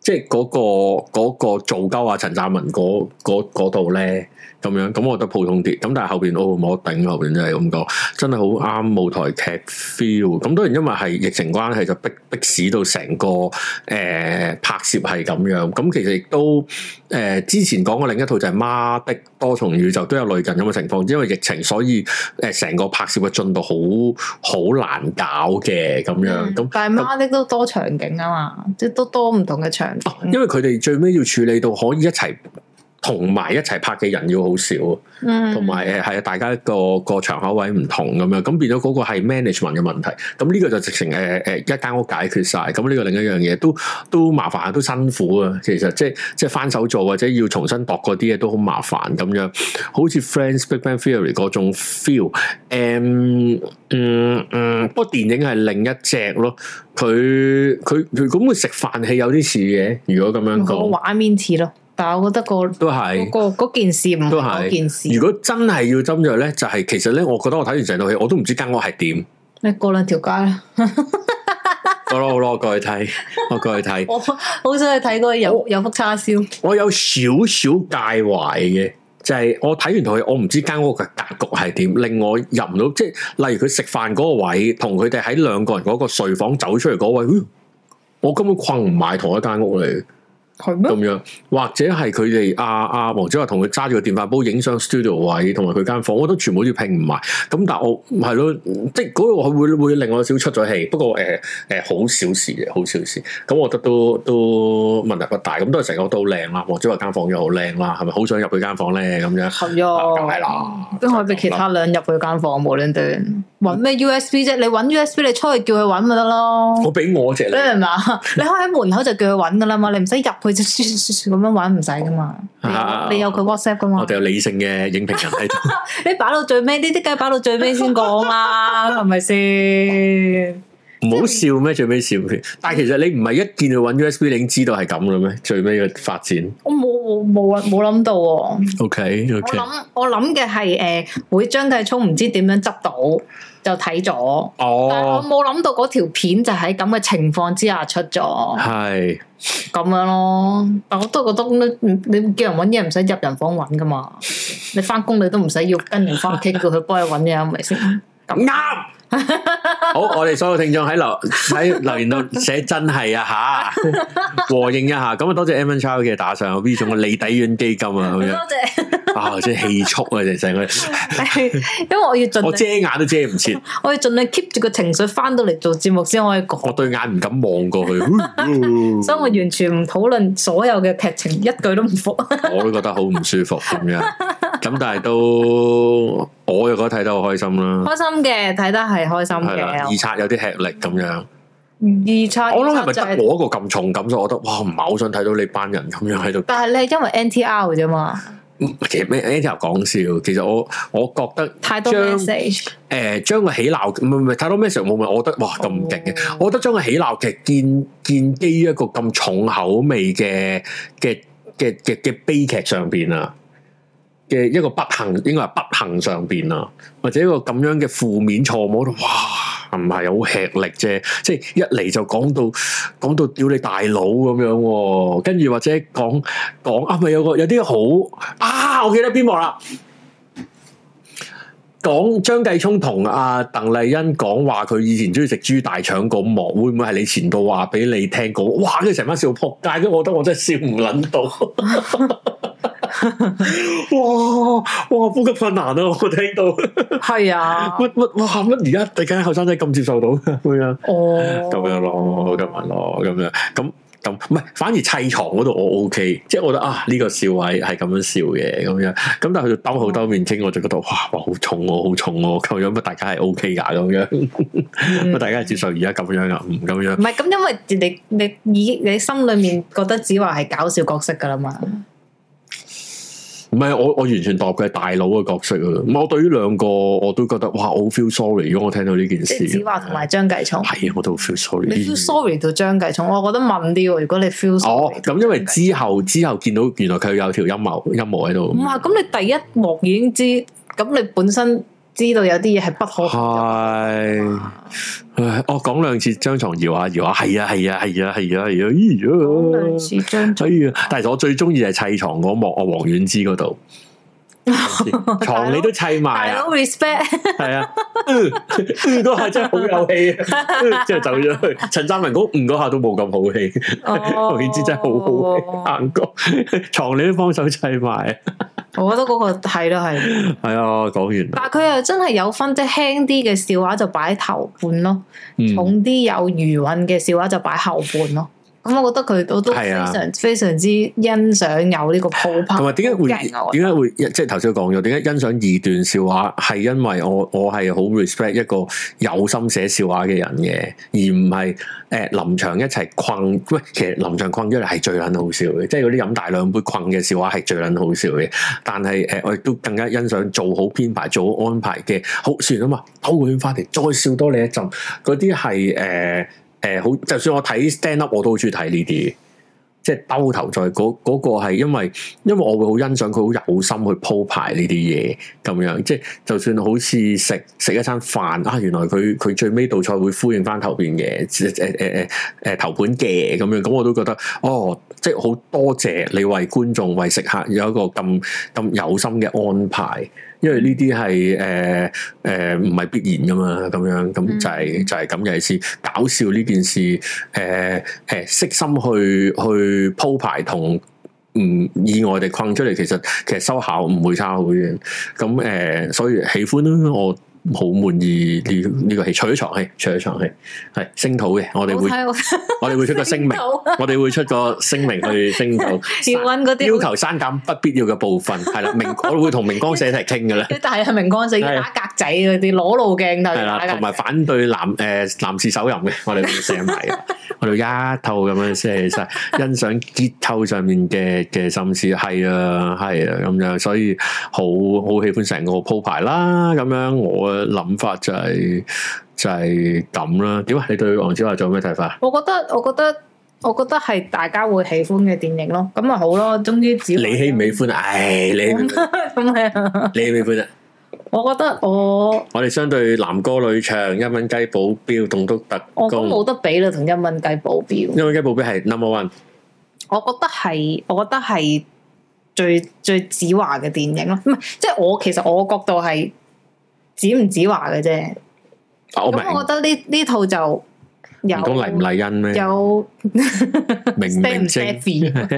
即係嗰、嗰個嗰、嗰個做鳩啊，嗰個、陳湛文嗰度咧。咁樣，咁我覺得普通啲，咁但係後邊我冇得頂，後邊真係咁講，真係好啱舞台劇 feel。咁當然因為係疫情關係，就逼逼使到成個誒、呃、拍攝係咁樣。咁其實亦都誒、呃、之前講過另一套就係《媽的多重宇宙》，都有類近咁嘅情況，因為疫情，所以誒呃、成個拍攝嘅進度好好難搞嘅咁樣。咁但係樣《媽的》都多場景啊嘛，即係都多唔同嘅場景，啊。因為佢哋最尾要處理到可以一齊。同埋一齊拍嘅人要好少，同埋誒係啊，大家個個場口位唔同咁樣，咁變咗嗰個係 management 嘅問題。咁呢個就直情誒誒一間屋解決晒。咁呢個另一樣嘢都都麻煩，都辛苦啊。其實即即翻手做或者要重新度嗰啲嘢都好麻煩咁樣，好似 Friends Big Bang Theory 嗰種 feel。誒嗯嗯，不、嗯、過、嗯嗯、電影係另一隻咯。佢佢佢咁嘅食飯戲有啲似嘅，如果咁樣講畫面似咯。但我覺得、那個都係是、那個件事唔係、那個、是件事。如果真係要斟酌咧，就係、是、其實咧，我覺得我睇完成套戲，我都唔知間屋係點。你過兩條街啦，好咯好咯，過去睇，我過去睇，我好想去睇嗰個有我有幅叉燒，就是。我有少少介懷嘅，就係我睇完套戲，我唔知間屋嘅格局係點，令我入唔到。即係例如佢食飯嗰個位，同佢哋喺兩個人嗰個睡房走出嚟嗰位，我根本困唔埋同一間屋嚟。咩？咁樣，或者係佢哋阿阿黃子華同佢揸住個電飯煲影相 studio 位，同埋佢間房，我都全部好似拼唔埋。咁但係我係咯，即係嗰、嗰個佢會會，會令我少出咗氣。不過誒誒，好小事嘅，好、呃、小事。咁我覺得都都，都問題不大。咁、嗯、都係成個都靚啦，黃子華間房又好靚啦，係咪好想入佢間房咧？咁樣係的啊，係啦。都可以俾其他兩入佢間房冇 limit 搵咩 USB 啫？嗯、端端 US 你搵 USB，你出去叫佢搵咪得咯。我俾我只你明嘛？你開喺門口就叫佢搵噶啦嘛，你唔使入。 佢就舒舒舒咁樣玩唔使噶嘛，你有佢 WhatsApp 噶嘛？ 我哋有理性嘅影評人喺度。 你擺到最尾，呢啲梗係擺到最尾先講啦，係咪先？唔好笑咩？最尾笑，但係其實你唔係一見佢搵 USB 你已經知道係咁啦咩？最尾嘅發展。我冇啊，冇諗到喎。O Okay , K okay. 我諗我諗嘅係誒，會張繼聰唔知點樣執到，就睇咗。哦，oh. 我冇諗到嗰條片就喺咁嘅情況之下出咗。係咁 Hey. 樣咯，但我都覺得你，你叫人揾嘢唔使入人房揾㗎嘛，你翻工你都唔使要跟住返屋企，叫佢幫你揾嘢，係咪先？咁啱。 好，我哋所有聽眾喺留喺留言度寫真係啊吓，和應一下。咁啊，多謝 Emmanuel 嘅打賞 V，仲有利底潤基金啊咁樣。多謝啊，真係氣促啊，成個。 因為我要盡量我遮眼都遮唔切，我要盡量 keep 住個情緒翻到嚟做節目先可以講。我對眼唔敢望過去， 呃、所以我完全唔討論所有嘅劇情，一句都唔講。 我都覺得好唔舒服咁樣。咁但係都，我又覺得睇得好開心啦。開心嘅，睇得係開心嘅。二刷有啲吃力咁樣。二刷，我諗係咪得我一個咁重感受？我覺得哇，唔係好想睇到是你班人咁樣喺度。但係你係因為 NTR 啫嘛？其實咩 NTR 講笑？其實我我覺得太多 message 誒，將個喜鬧唔係唔係太多咩？message 我咪覺得哇咁勁嘅。我覺得將、呃、個喜鬧劇建基於一個咁重口味嘅嘅嘅嘅嘅悲劇上邊啊。嘅一個不幸，應該係不幸上邊啊，或者一個咁樣嘅負面錯誤都哇，唔係好吃力啫，即係一嚟就講到講到屌你大佬咁樣，哦，跟住或者講講啊咪有個有啲好啊，我記得邊幕啦，講張繼聰同阿鄧麗欣講話佢以前中意食豬大腸嗰幕，會唔會係你前度話俾你聽過？哇，跟住成班笑撲街，我覺得我真係笑唔捻到。 哇哇呼吸困難啊！我聽到係是啊， 乜乜哇乜而家大家後生仔咁接受到噶咁 樣哦，咁樣咯，今日咯，咁樣咁咁唔係，反而砌床嗰度我 O、OK, K，即係我覺得啊呢、這個笑位係咁樣笑嘅咁樣，咁但係佢兜口兜面青，我就覺得哇哇好重哦、啊，好重哦、啊，除咗乜大家係 O K 噶咁樣，乜、嗯、 大家係接受而家咁樣噶，唔咁樣。唔係咁，因為你你你,你心裏面覺得只話係搞笑角色噶啦嘛。唔係我，我完全當佢係大佬嘅角色啊！咁我對於兩個我都覺得，哇！我 feel sorry 如果我聽到呢件事。子華同埋張繼聰。係啊，我都 feel sorry。你 feel sorry 到張繼聰，我覺得問啲喎。如果你 feel sorry。哦，咁因為之後之後見到原來佢有條陰謀陰謀喺度。唔係，咁你第一幕已經知，咁你本身。知道有啲嘢係不可，可，係， 唉，我講兩次張床搖下搖下，係啊係啊係啊係啊係啊咦，講兩、啊哎、次張床、啊，所以、哎，但係我最中意就係砌床嗰幕，我王菀之嗰度床你都砌埋， 大 respect， 係啊，嗰、嗯、下真係好有氣啊，即係走咗去陳湛文嗰下都冇咁好氣，王菀之真係好好，硬哥床你都幫手砌埋。我覺得嗰個係咯，係係啊，講完了。但係佢又真係有分，即係輕啲嘅笑話就擺頭半咯，重啲有餘韻嘅笑話就擺後半咯。咁我覺得佢我都非常、啊、非常之欣賞有呢個鋪排，同埋點解會點解會即係頭先講咗點解欣賞二段笑話？係因為我我係好 respect 一個有心寫笑話嘅人嘅，而唔係誒臨場一齊困。喂，其實臨場困咗係最撚好笑嘅，即係嗰啲飲大兩杯困嘅笑話係最撚好笑嘅。但係誒、呃，我亦都更加欣賞做好編排、做好安排嘅好算啊嘛，偷換翻嚟再笑多你一陣嗰啲係誒。誒，好、欸！就算我睇 stand up，我都好中意睇呢啲，即係兜頭再嗰嗰個係，因為因為我會好欣賞佢好有心去鋪排呢啲嘢，咁樣即係就算好似食食一餐飯啊，原來佢佢最尾道菜會呼應翻頭邊嘅，誒誒誒誒誒頭盤嘅，咁樣咁我都覺得哦，即係好多謝你為觀眾為食客有一個咁咁有心嘅安排。因為呢啲係誒誒唔係必然㗎嘛，咁樣咁就係、是、就係咁嘅意思。搞笑呢件事，誒誒悉心去去鋪排同唔、嗯、意外地困出嚟，其實其實收效唔會差好遠。咁誒、呃，所以喜歡我。好滿意呢呢個戲，除咗床戲，除咗床戲，係聲討嘅，我哋會我哋會出個聲明，我哋會出個聲明去聲討，要啲要求刪減不必要嘅部分，係啦，明我會同明光社一齊傾噶啦，但係明光社打格仔嗰啲裸露鏡頭，係啦，同埋反對男誒男士手淫嘅，我哋會寫埋，我哋一套咁樣寫晒，欣賞結構上面嘅嘅心思，係啊係啊咁樣，所以好好喜歡成個鋪排啦，咁樣我。嘅諗法就係就係咁啦。點啊？你對黃子華仲有咩睇法？我覺得，我覺得，我覺得係大家會喜歡嘅電影咯。咁咪好咯。終於，只你喜唔喜歡啊？唉，你咁係啊？你喜唔喜歡啫？ 你喜歡 我覺得我我哋相對男歌女唱，一蚊雞保鏢，棟篤特工冇得，得比啦。同一蚊雞保鏢，一蚊雞保鏢一蚊雞保鏢係 number one。我覺得係，我覺得係最最子華嘅電影咯。唔係，即係我其實我個角度係。子唔子華嘅啫，咁我覺得呢呢套就有都麗唔麗欣咩？有明明正，唔即係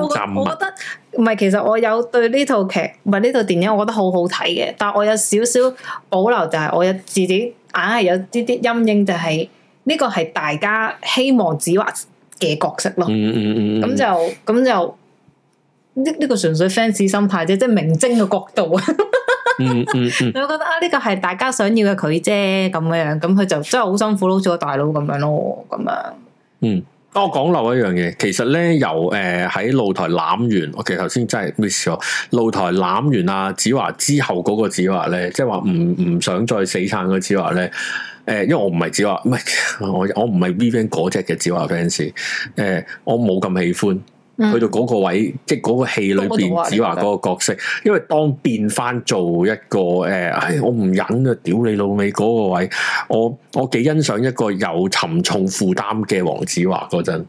我覺，得唔係。其實我有對呢套劇，唔係呢套電影，我覺得好好睇嘅。但係我有少少保留，就係我有自己硬係有啲啲陰影，就係呢個係大家希望子華嘅角色咯。咁就咁就。呢呢個純粹 fans 心態啫，即係明禎嘅角度、 嗯嗯嗯、 啊，你會覺得啊呢個係大家想要嘅佢啫，咁樣，咁佢就真係好辛苦咯，似個大佬咁樣咯，咁樣。樣樣嗯，我講漏一樣嘢，其實咧由誒喺、呃、露台攬完，我其實頭先真係 miss 咗露台攬完啊，子華之後嗰個子華咧，即係話唔唔想再死撐個子華咧。誒、呃，因為我唔係子華，唔係我我唔係 VVN 嗰隻嘅子華 fans，誒，我冇咁、呃、喜歡。去到嗰個位，嗯、即係嗰個戲裏邊，子華嗰個角色，嗯、因為當變翻做一個誒、哎，我唔忍啊！屌你老味，嗰個位，我我幾欣賞一個有沉重負擔嘅黃子華嗰陣。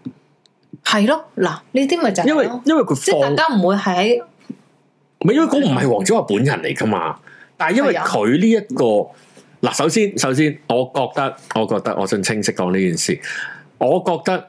係咯，嗱，呢啲咪就係因為因為佢即係大家唔會喺。咪因為嗰個唔係黃子華本人嚟噶嘛，但係因為佢呢一個嗱的，首先首先，我覺得，我覺得，我想清晰講呢件事，我覺得。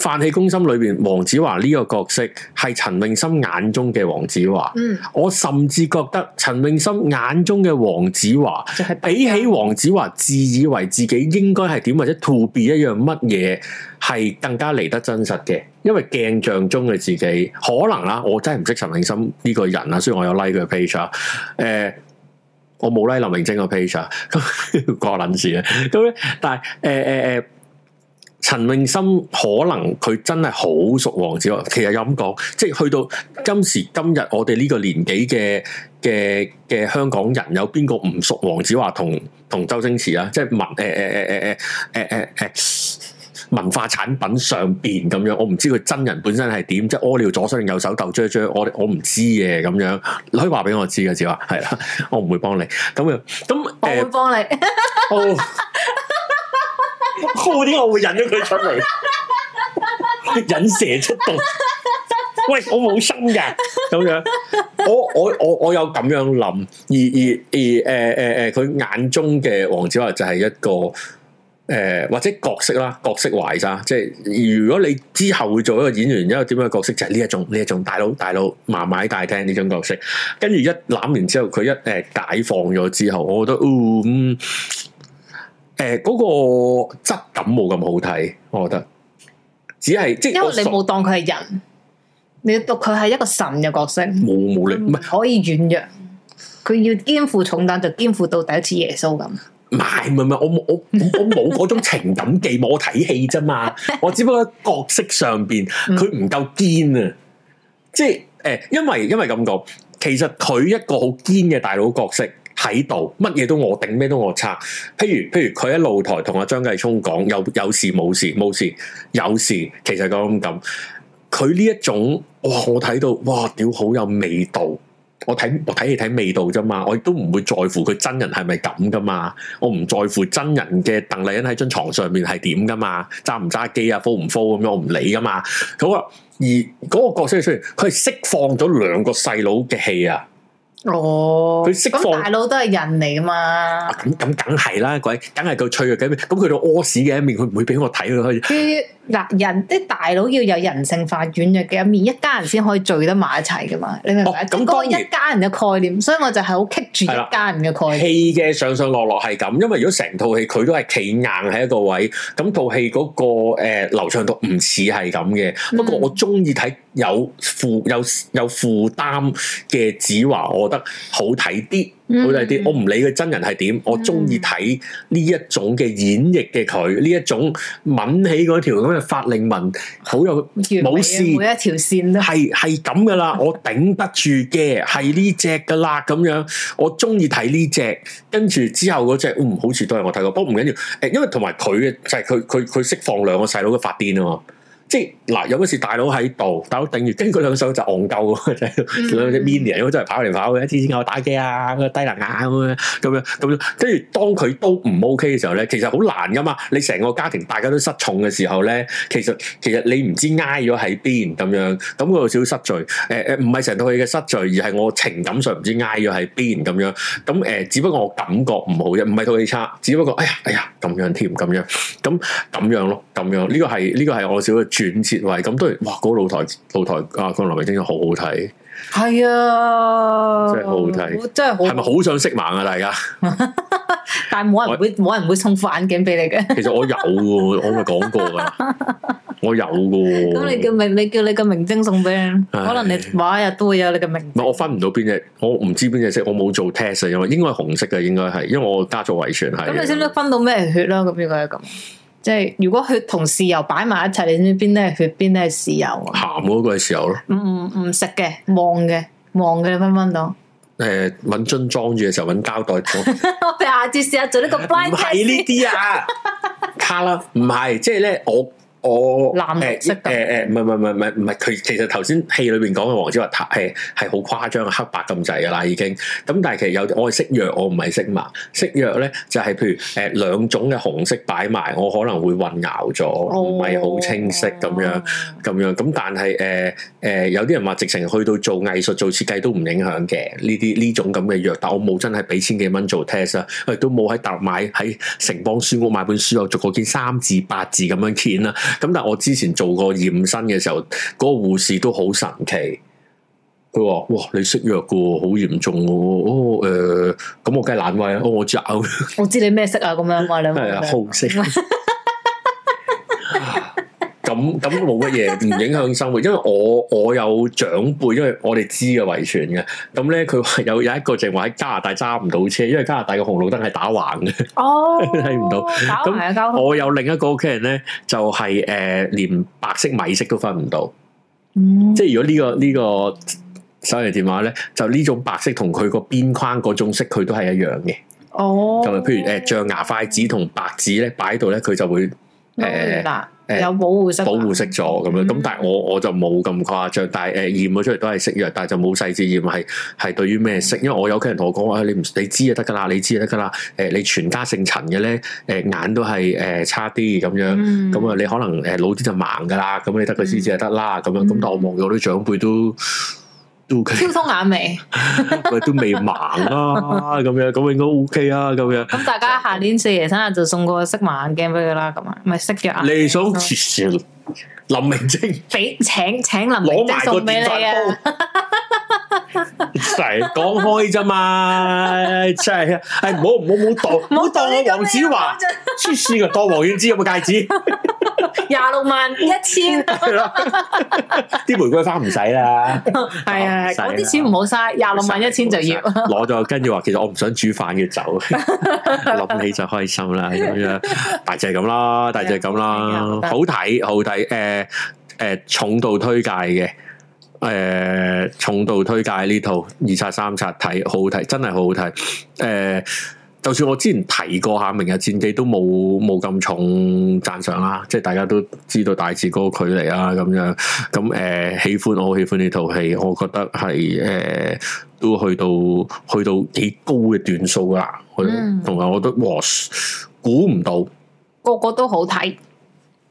《飯氣攻心》裏邊，黃子華呢個角色係陳詠燊眼中嘅黃子華。嗯，我甚至覺得陳詠燊眼中嘅黃子華，即比起黃子華自以為自己應該係點或者 to be 一樣乜嘢，係更加嚟得真實嘅。因為鏡像中嘅自己，可能啦、啊，我真係唔識陳詠燊呢個人啊，雖然我有 like 佢 page 啊，誒，我冇 like 林明禎嘅 page 啊， 過捻事啊，咁咧，但係誒誒誒。呃呃呃陳詠燊可能佢真係好熟黃子華，其實有咁講，即係去到今時今日，我哋呢個年紀嘅嘅嘅香港人，有邊個唔熟黃子華同同周星馳啊？即係文誒誒誒誒誒誒誒誒文化產品上邊咁樣，我唔知佢真人本身係點，即係屙尿左手右手鬥張張，我我唔知嘅咁樣，你可以話俾我知嘅，子華係啦，我唔會幫你。咁樣咁我會幫你。呃哦 好啲，我會引咗佢出嚟，引蛇出洞。 喂，我冇心嘅咁樣，我我我我有咁樣諗，而而而誒誒誒，佢眼中嘅黃子華就係一個誒或者角色啦，角色壞咋？即係如果你之後會做一個演員，一個點樣嘅角色就係呢一種呢一種大佬大佬麻麻喺大廳呢種角色，跟住一攬完之後，佢一誒解放咗之後，我覺得哦、嗯誒，嗰、那個質感冇咁好睇，我覺得只係即係因為你冇當佢係人，你讀佢係一個神嘅角色，冇冇力唔係可以軟弱，佢要肩負重擔就肩負到第一次耶穌咁。唔係唔係唔係，我我我冇嗰種情感寄望 我睇戲啫嘛，我只不過角色上邊佢唔夠堅啊，即係誒，因為因為咁講，其實佢一個好堅嘅大佬角色。喺度，乜嘢都我定，咩都我拆。譬如譬如佢喺露台同阿張繼聰講，有有事冇事冇事，有事其實就咁。佢呢一種哇，我睇到哇，屌好有味道。我睇我睇戲睇味道啫嘛，我亦都唔會在乎佢真人係咪咁噶嘛。我唔在乎真人嘅鄧麗欣喺張床上面係點噶嘛，揸唔揸機啊，敷唔敷咁樣，我唔理噶嘛。好啊，而嗰個角色出現，佢係釋放咗兩個細佬嘅戲啊。哦，咁大佬都係人嚟噶嘛？咁咁梗係啦，鬼梗係夠脆弱嘅咩？咁佢到屙屎嘅一面，佢唔會俾我睇咯。是 嗱，人啲大佬要有人性化軟弱嘅一面，一家人先可以聚得埋一齊噶嘛，你明唔明啊？咁嗰個、哦嗯、一家人嘅概念，當然所以我就係好 keep 住一家人嘅概念。戲嘅上上落落係咁，因為如果成套戲佢都係企硬喺一個位，咁套戲嗰個誒、呃、流暢度唔似係咁嘅。嗯、不過我中意睇有負有有負擔嘅子華，我覺得好睇啲。好睇啲，嗯嗯，我唔理佢真人係點，嗯嗯，我中意睇呢一種嘅演繹嘅佢，呢一種吻起嗰條咁嘅法令紋，好有冇尾事。每一條線都，係係咁噶啦， 我頂得住嘅，係呢隻噶啦咁樣，我中意睇呢隻，跟住之後嗰隻，唔、嗯、好似都係我睇過，不過唔緊要，誒，因為同埋佢嘅就係佢佢佢釋放兩個細佬嘅發癲啊嘛。即係嗱，有乜事大佬喺度，大佬頂住，跟佢兩手就戇鳩，兩隻 mini 啊，都係跑嚟跑去，一次先嗌我打機啊，低能啊咁樣，咁樣，咁樣，跟住當佢都唔 OK 嘅時候咧，其實好難噶嘛。你成個家庭大家都失重嘅時候咧，其實其實你唔知挨咗喺邊咁樣，咁我有少少失序。誒誒，唔係成套戲嘅失序，而係我情感上唔知挨咗喺邊咁樣。咁誒，只不過我感覺唔好啫，唔係套戲差，只不過哎呀哎呀咁樣添，咁樣咁咁樣咯，咁樣呢個係呢個係我少。轉折位咁都，哇！嗰、嗰個露台露台啊，嗰個男明星好好睇，係啊，真係好真好睇，真係，係咪好想色盲啊？大家， 但係冇人會冇我人會送副眼鏡俾你嘅。其實我有嘅， 我咪講過嘅，我有嘅。咁 你叫明，你叫你個明星送俾你， 可能你某一日都會有你嘅明。唔係 我分唔到邊隻，我唔知邊隻色，我冇做 test 啊，因為應該係紅色嘅，應該係，因為我家族遺傳係。咁你知唔知分到咩血啦？咁應該係咁。即係如果血同豉油擺埋一齊，你知邊啲係血，邊啲係豉油啊？鹹嗰個係豉油咯。唔唔食嘅，望、嗯、嘅，望嘅你分分到。誒、嗯，揾樽裝住嘅時候，揾膠袋裝。 我哋 下次試下做呢個 blind test 唔係呢啲啊，卡啦， 唔係，即係咧我。我誒誒誒，唔係唔係唔係唔係，佢 其實頭先戲裏邊講嘅黃子華，誒係好誇張嘅黑白咁滯嘅啦，已經。咁但係其實有我係色弱，我唔係色盲。色弱咧就係譬如誒兩種嘅紅色擺埋，我可能會混淆咗，唔係好清晰咁樣咁樣。咁、哦、但係誒誒有啲人話直情去到做藝術做設計都唔影響嘅呢啲呢種咁嘅弱，但我冇真係俾千幾蚊做 test 啦，我亦都冇喺大陸買喺城邦書屋買本書，我逐個見三字八字咁樣攣啦。咁但係我之前做過驗身嘅時候，嗰、那個護士都好神奇，佢話：哇，你食藥嘅，好嚴重嘅，哦，誒、呃，咁我梗係懶喂，我我着嘔， 我知你咩色啊，咁樣話你咩色。 咁咁冇乜嘢，唔 影響生活。因為我我有長輩，因為我哋知嘅遺傳嘅。咁咧佢話有有一個就係話喺加拿大揸唔到車，因為加拿大嘅紅綠燈係打橫嘅。哦，睇唔到。咁的我有另一個屋企人咧，就係、是、誒、呃、連白色米色都分唔到。Mm. 即係如果呢、這個呢、這個手提電話咧，就呢種白色同佢個邊框嗰種色，佢都係一樣嘅。哦，咁啊，譬如誒象、呃、牙筷子同白紙咧擺喺度咧，佢就會誒。呃 oh. 有保護色，保護色咗咁樣，咁但係我我就冇咁誇張，但係誒、呃、驗咗出嚟都係色弱，但係就冇細緻驗係係對於咩色。嗯、因為我有屋企人同我講話、哎，你唔你知就得㗎啦，你知就得㗎啦，誒你、呃、你全家姓陳嘅咧，誒、呃、眼都係誒、呃、差啲咁樣，咁啊你可能誒、呃、老啲就盲㗎啦，咁你得佢先至就得啦，咁樣，咁但我望住我啲長輩都。挑通眼眉，未？ 都未盲啦，咁樣，咁應該 OK 啊，咁 樣。咁、啊、大家下年四爺生日就送個色盲眼鏡俾佢啦，咁啊，唔係色弱啊。你想？林明禎俾請請林明禎送俾你啊。 真係講開啫嘛，真係， 係唔好唔好唔好當，唔好當我黃子華痴線嘅當王菀之有冇戒指，廿六萬一千，啲 玫瑰花唔使啦，係啊， 啲錢唔好嘥，廿六萬一千就要，攞咗跟住話，其實我唔想煮飯嘅走，諗起就開心啦咁樣，大只係咁啦，大只係咁啦，好睇好睇，誒、呃、誒、呃呃，重度推介嘅。誒、呃，重度推介呢套二刷三刷睇，好好睇，真係好好睇。誒、呃，就算我之前提過下《明日戰記》都冇冇咁重讚賞啦,即係大家都知道大致嗰個距離啦，咁樣咁誒、呃，喜歡我，好喜歡呢套戲，我覺得係誒、呃，都去到去到幾高嘅段數啦。嗯，同埋我覺得哇，估唔到個個都好睇。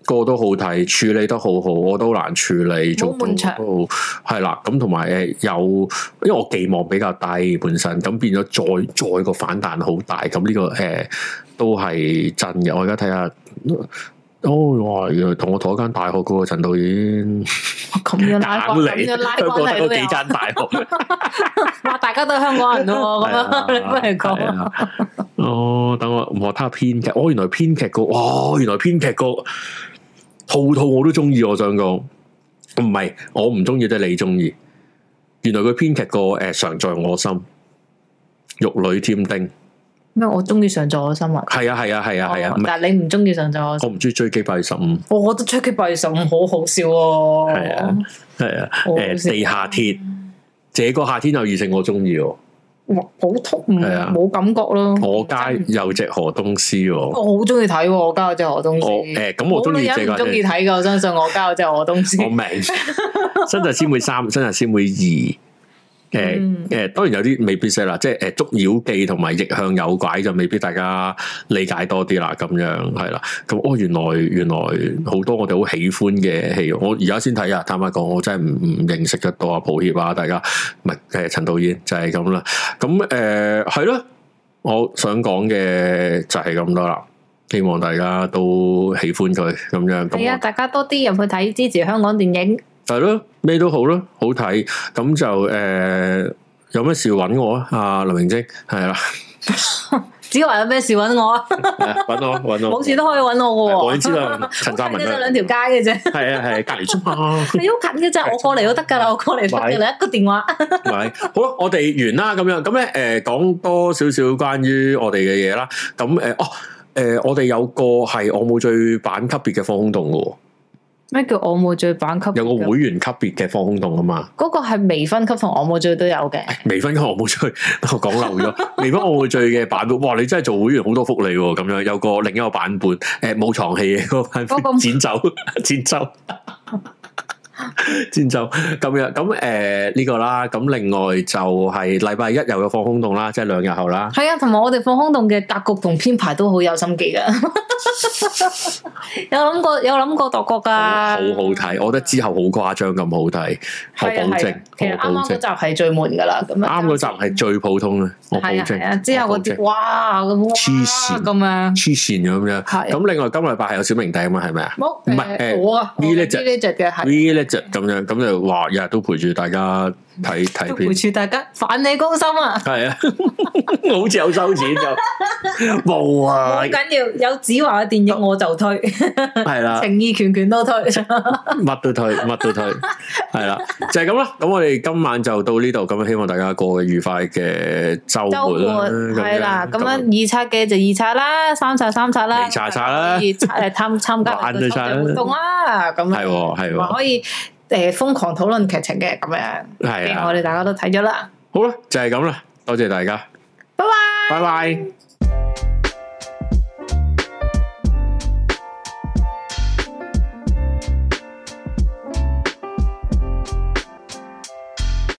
個都好睇，處理得好好，我都難處理做本到。係啦，咁同埋誒，有因為我寄望比較低本身，咁變咗再再個反彈好大，咁呢、這個誒、呃、都係真嘅。我而家睇下，哦，原來同我同一間大學嘅陳導演，咁樣拉，來樣拉，樣拉你，去過睇多幾間大學，話也有 大家都香港人咯，咁樣唔係講。哦，等我唔學睇下編劇，我原來編劇個，哦，原來編劇個。哦哦套套我都中意，我想講，唔係我唔中意，即係你中意。原來佢編劇過誒《常在我心》，玉女添丁。咩？我中意《常在我心》啊！係啊係啊係啊係啊！啊啊啊但係你唔中意《常在我心》？我哦？我唔中意《追擊八月十五》啊。我覺得《追擊八月十五》好好笑。係啊係啊，誒，地下鐵，這個夏天有異性，我中意。好痛呀冇的感覺咯、哦哦，我家有隻河東獅，我好中意睇，欸、我家有隻河東獅，冇女人唔中意睇噶。我相信我家有隻河東獅， 新紮師妹三，新紮師妹二。誒誒，嗯、當然有啲未必識啦，即係誒《捉妖記》同埋《逆向誘拐》就未必大家理解多啲啦，咁樣係啦。咁哦，原來原來好多我哋好喜歡嘅戲，我而家先睇啊！坦白講，我真係唔唔認識得到啊，抱歉啊，大家唔係誒陳導演就係咁啦。咁誒係咯，我想講嘅就係咁多啦。希望大家都喜歡佢咁樣。係啊的，樣大家多啲入去睇支持香港電影。係咯，咩都好咯，好睇咁就誒，有咩事揾我啊？阿林明禎係啦，子華有咩事揾我啊？揾我，揾我，冇事都可以揾我噶。我知啦，陳湛文就兩條街嘅啫。係啊係，隔籬啫嘛，你好近嘅啫，我過嚟都得噶啦，我過嚟得噶啦，一個電話。係好啦，我哋完啦，咁樣咁咧，誒，講多少少關於我哋嘅嘢啦。咁誒，哦，誒，我哋有個係《我冇最版》級別嘅防空洞噶。咩叫我冇罪版級？有個會員級別嘅放空洞啊嘛，嗰個係未分級同我冇罪都有嘅。未、哎、分級我冇罪，我講漏咗。未 分我冇罪嘅版本，哇！你真係做會員好多福利咁、啊、樣，有個另一個版本誒，冇藏戲嘅嗰個，版本那個剪走！ 剪走！ 先就咁樣咁誒呢個啦，咁另外就係禮拜一又有放空洞啦，即係兩日後啦。係啊，同埋我哋放空洞嘅格局同編排都好有心機噶，有諗過有諗過度國噶，好好睇，我覺得之後好誇張咁好睇。我保證，我保證。其實啱啱嗰集係最悶噶啦，咁啊啱嗰集係最普通嘅，我保證。之後嗰啲哇咁黐線咁啊，黐線咁樣。係咁，另外今禮拜係有小明帝啊嘛，係咪啊？唔係好啊，呢呢隻嘅係。即係咁樣，咁就話日日都陪住大家。睇睇片，陪住大家飯氣攻心啊！係啊，我好似有收錢就冇啊！唔緊要，有子華嘅電影我就推，係啦，情意拳拳都推，乜都推，乜都推，係啦，就係咁啦。咁我哋今晚就到呢度，咁希望大家過個愉快嘅周末啦。係啦，咁樣二刷嘅就二刷啦，三刷三刷啦，嚟刷刷啦，可以參參加個抽獎活動啦。咁係係，可以。誒，瘋狂討論劇情嘅咁樣，是啊，我哋大家都睇咗啦。好啦，就係咁啦，多謝大家，拜拜 bye，拜拜。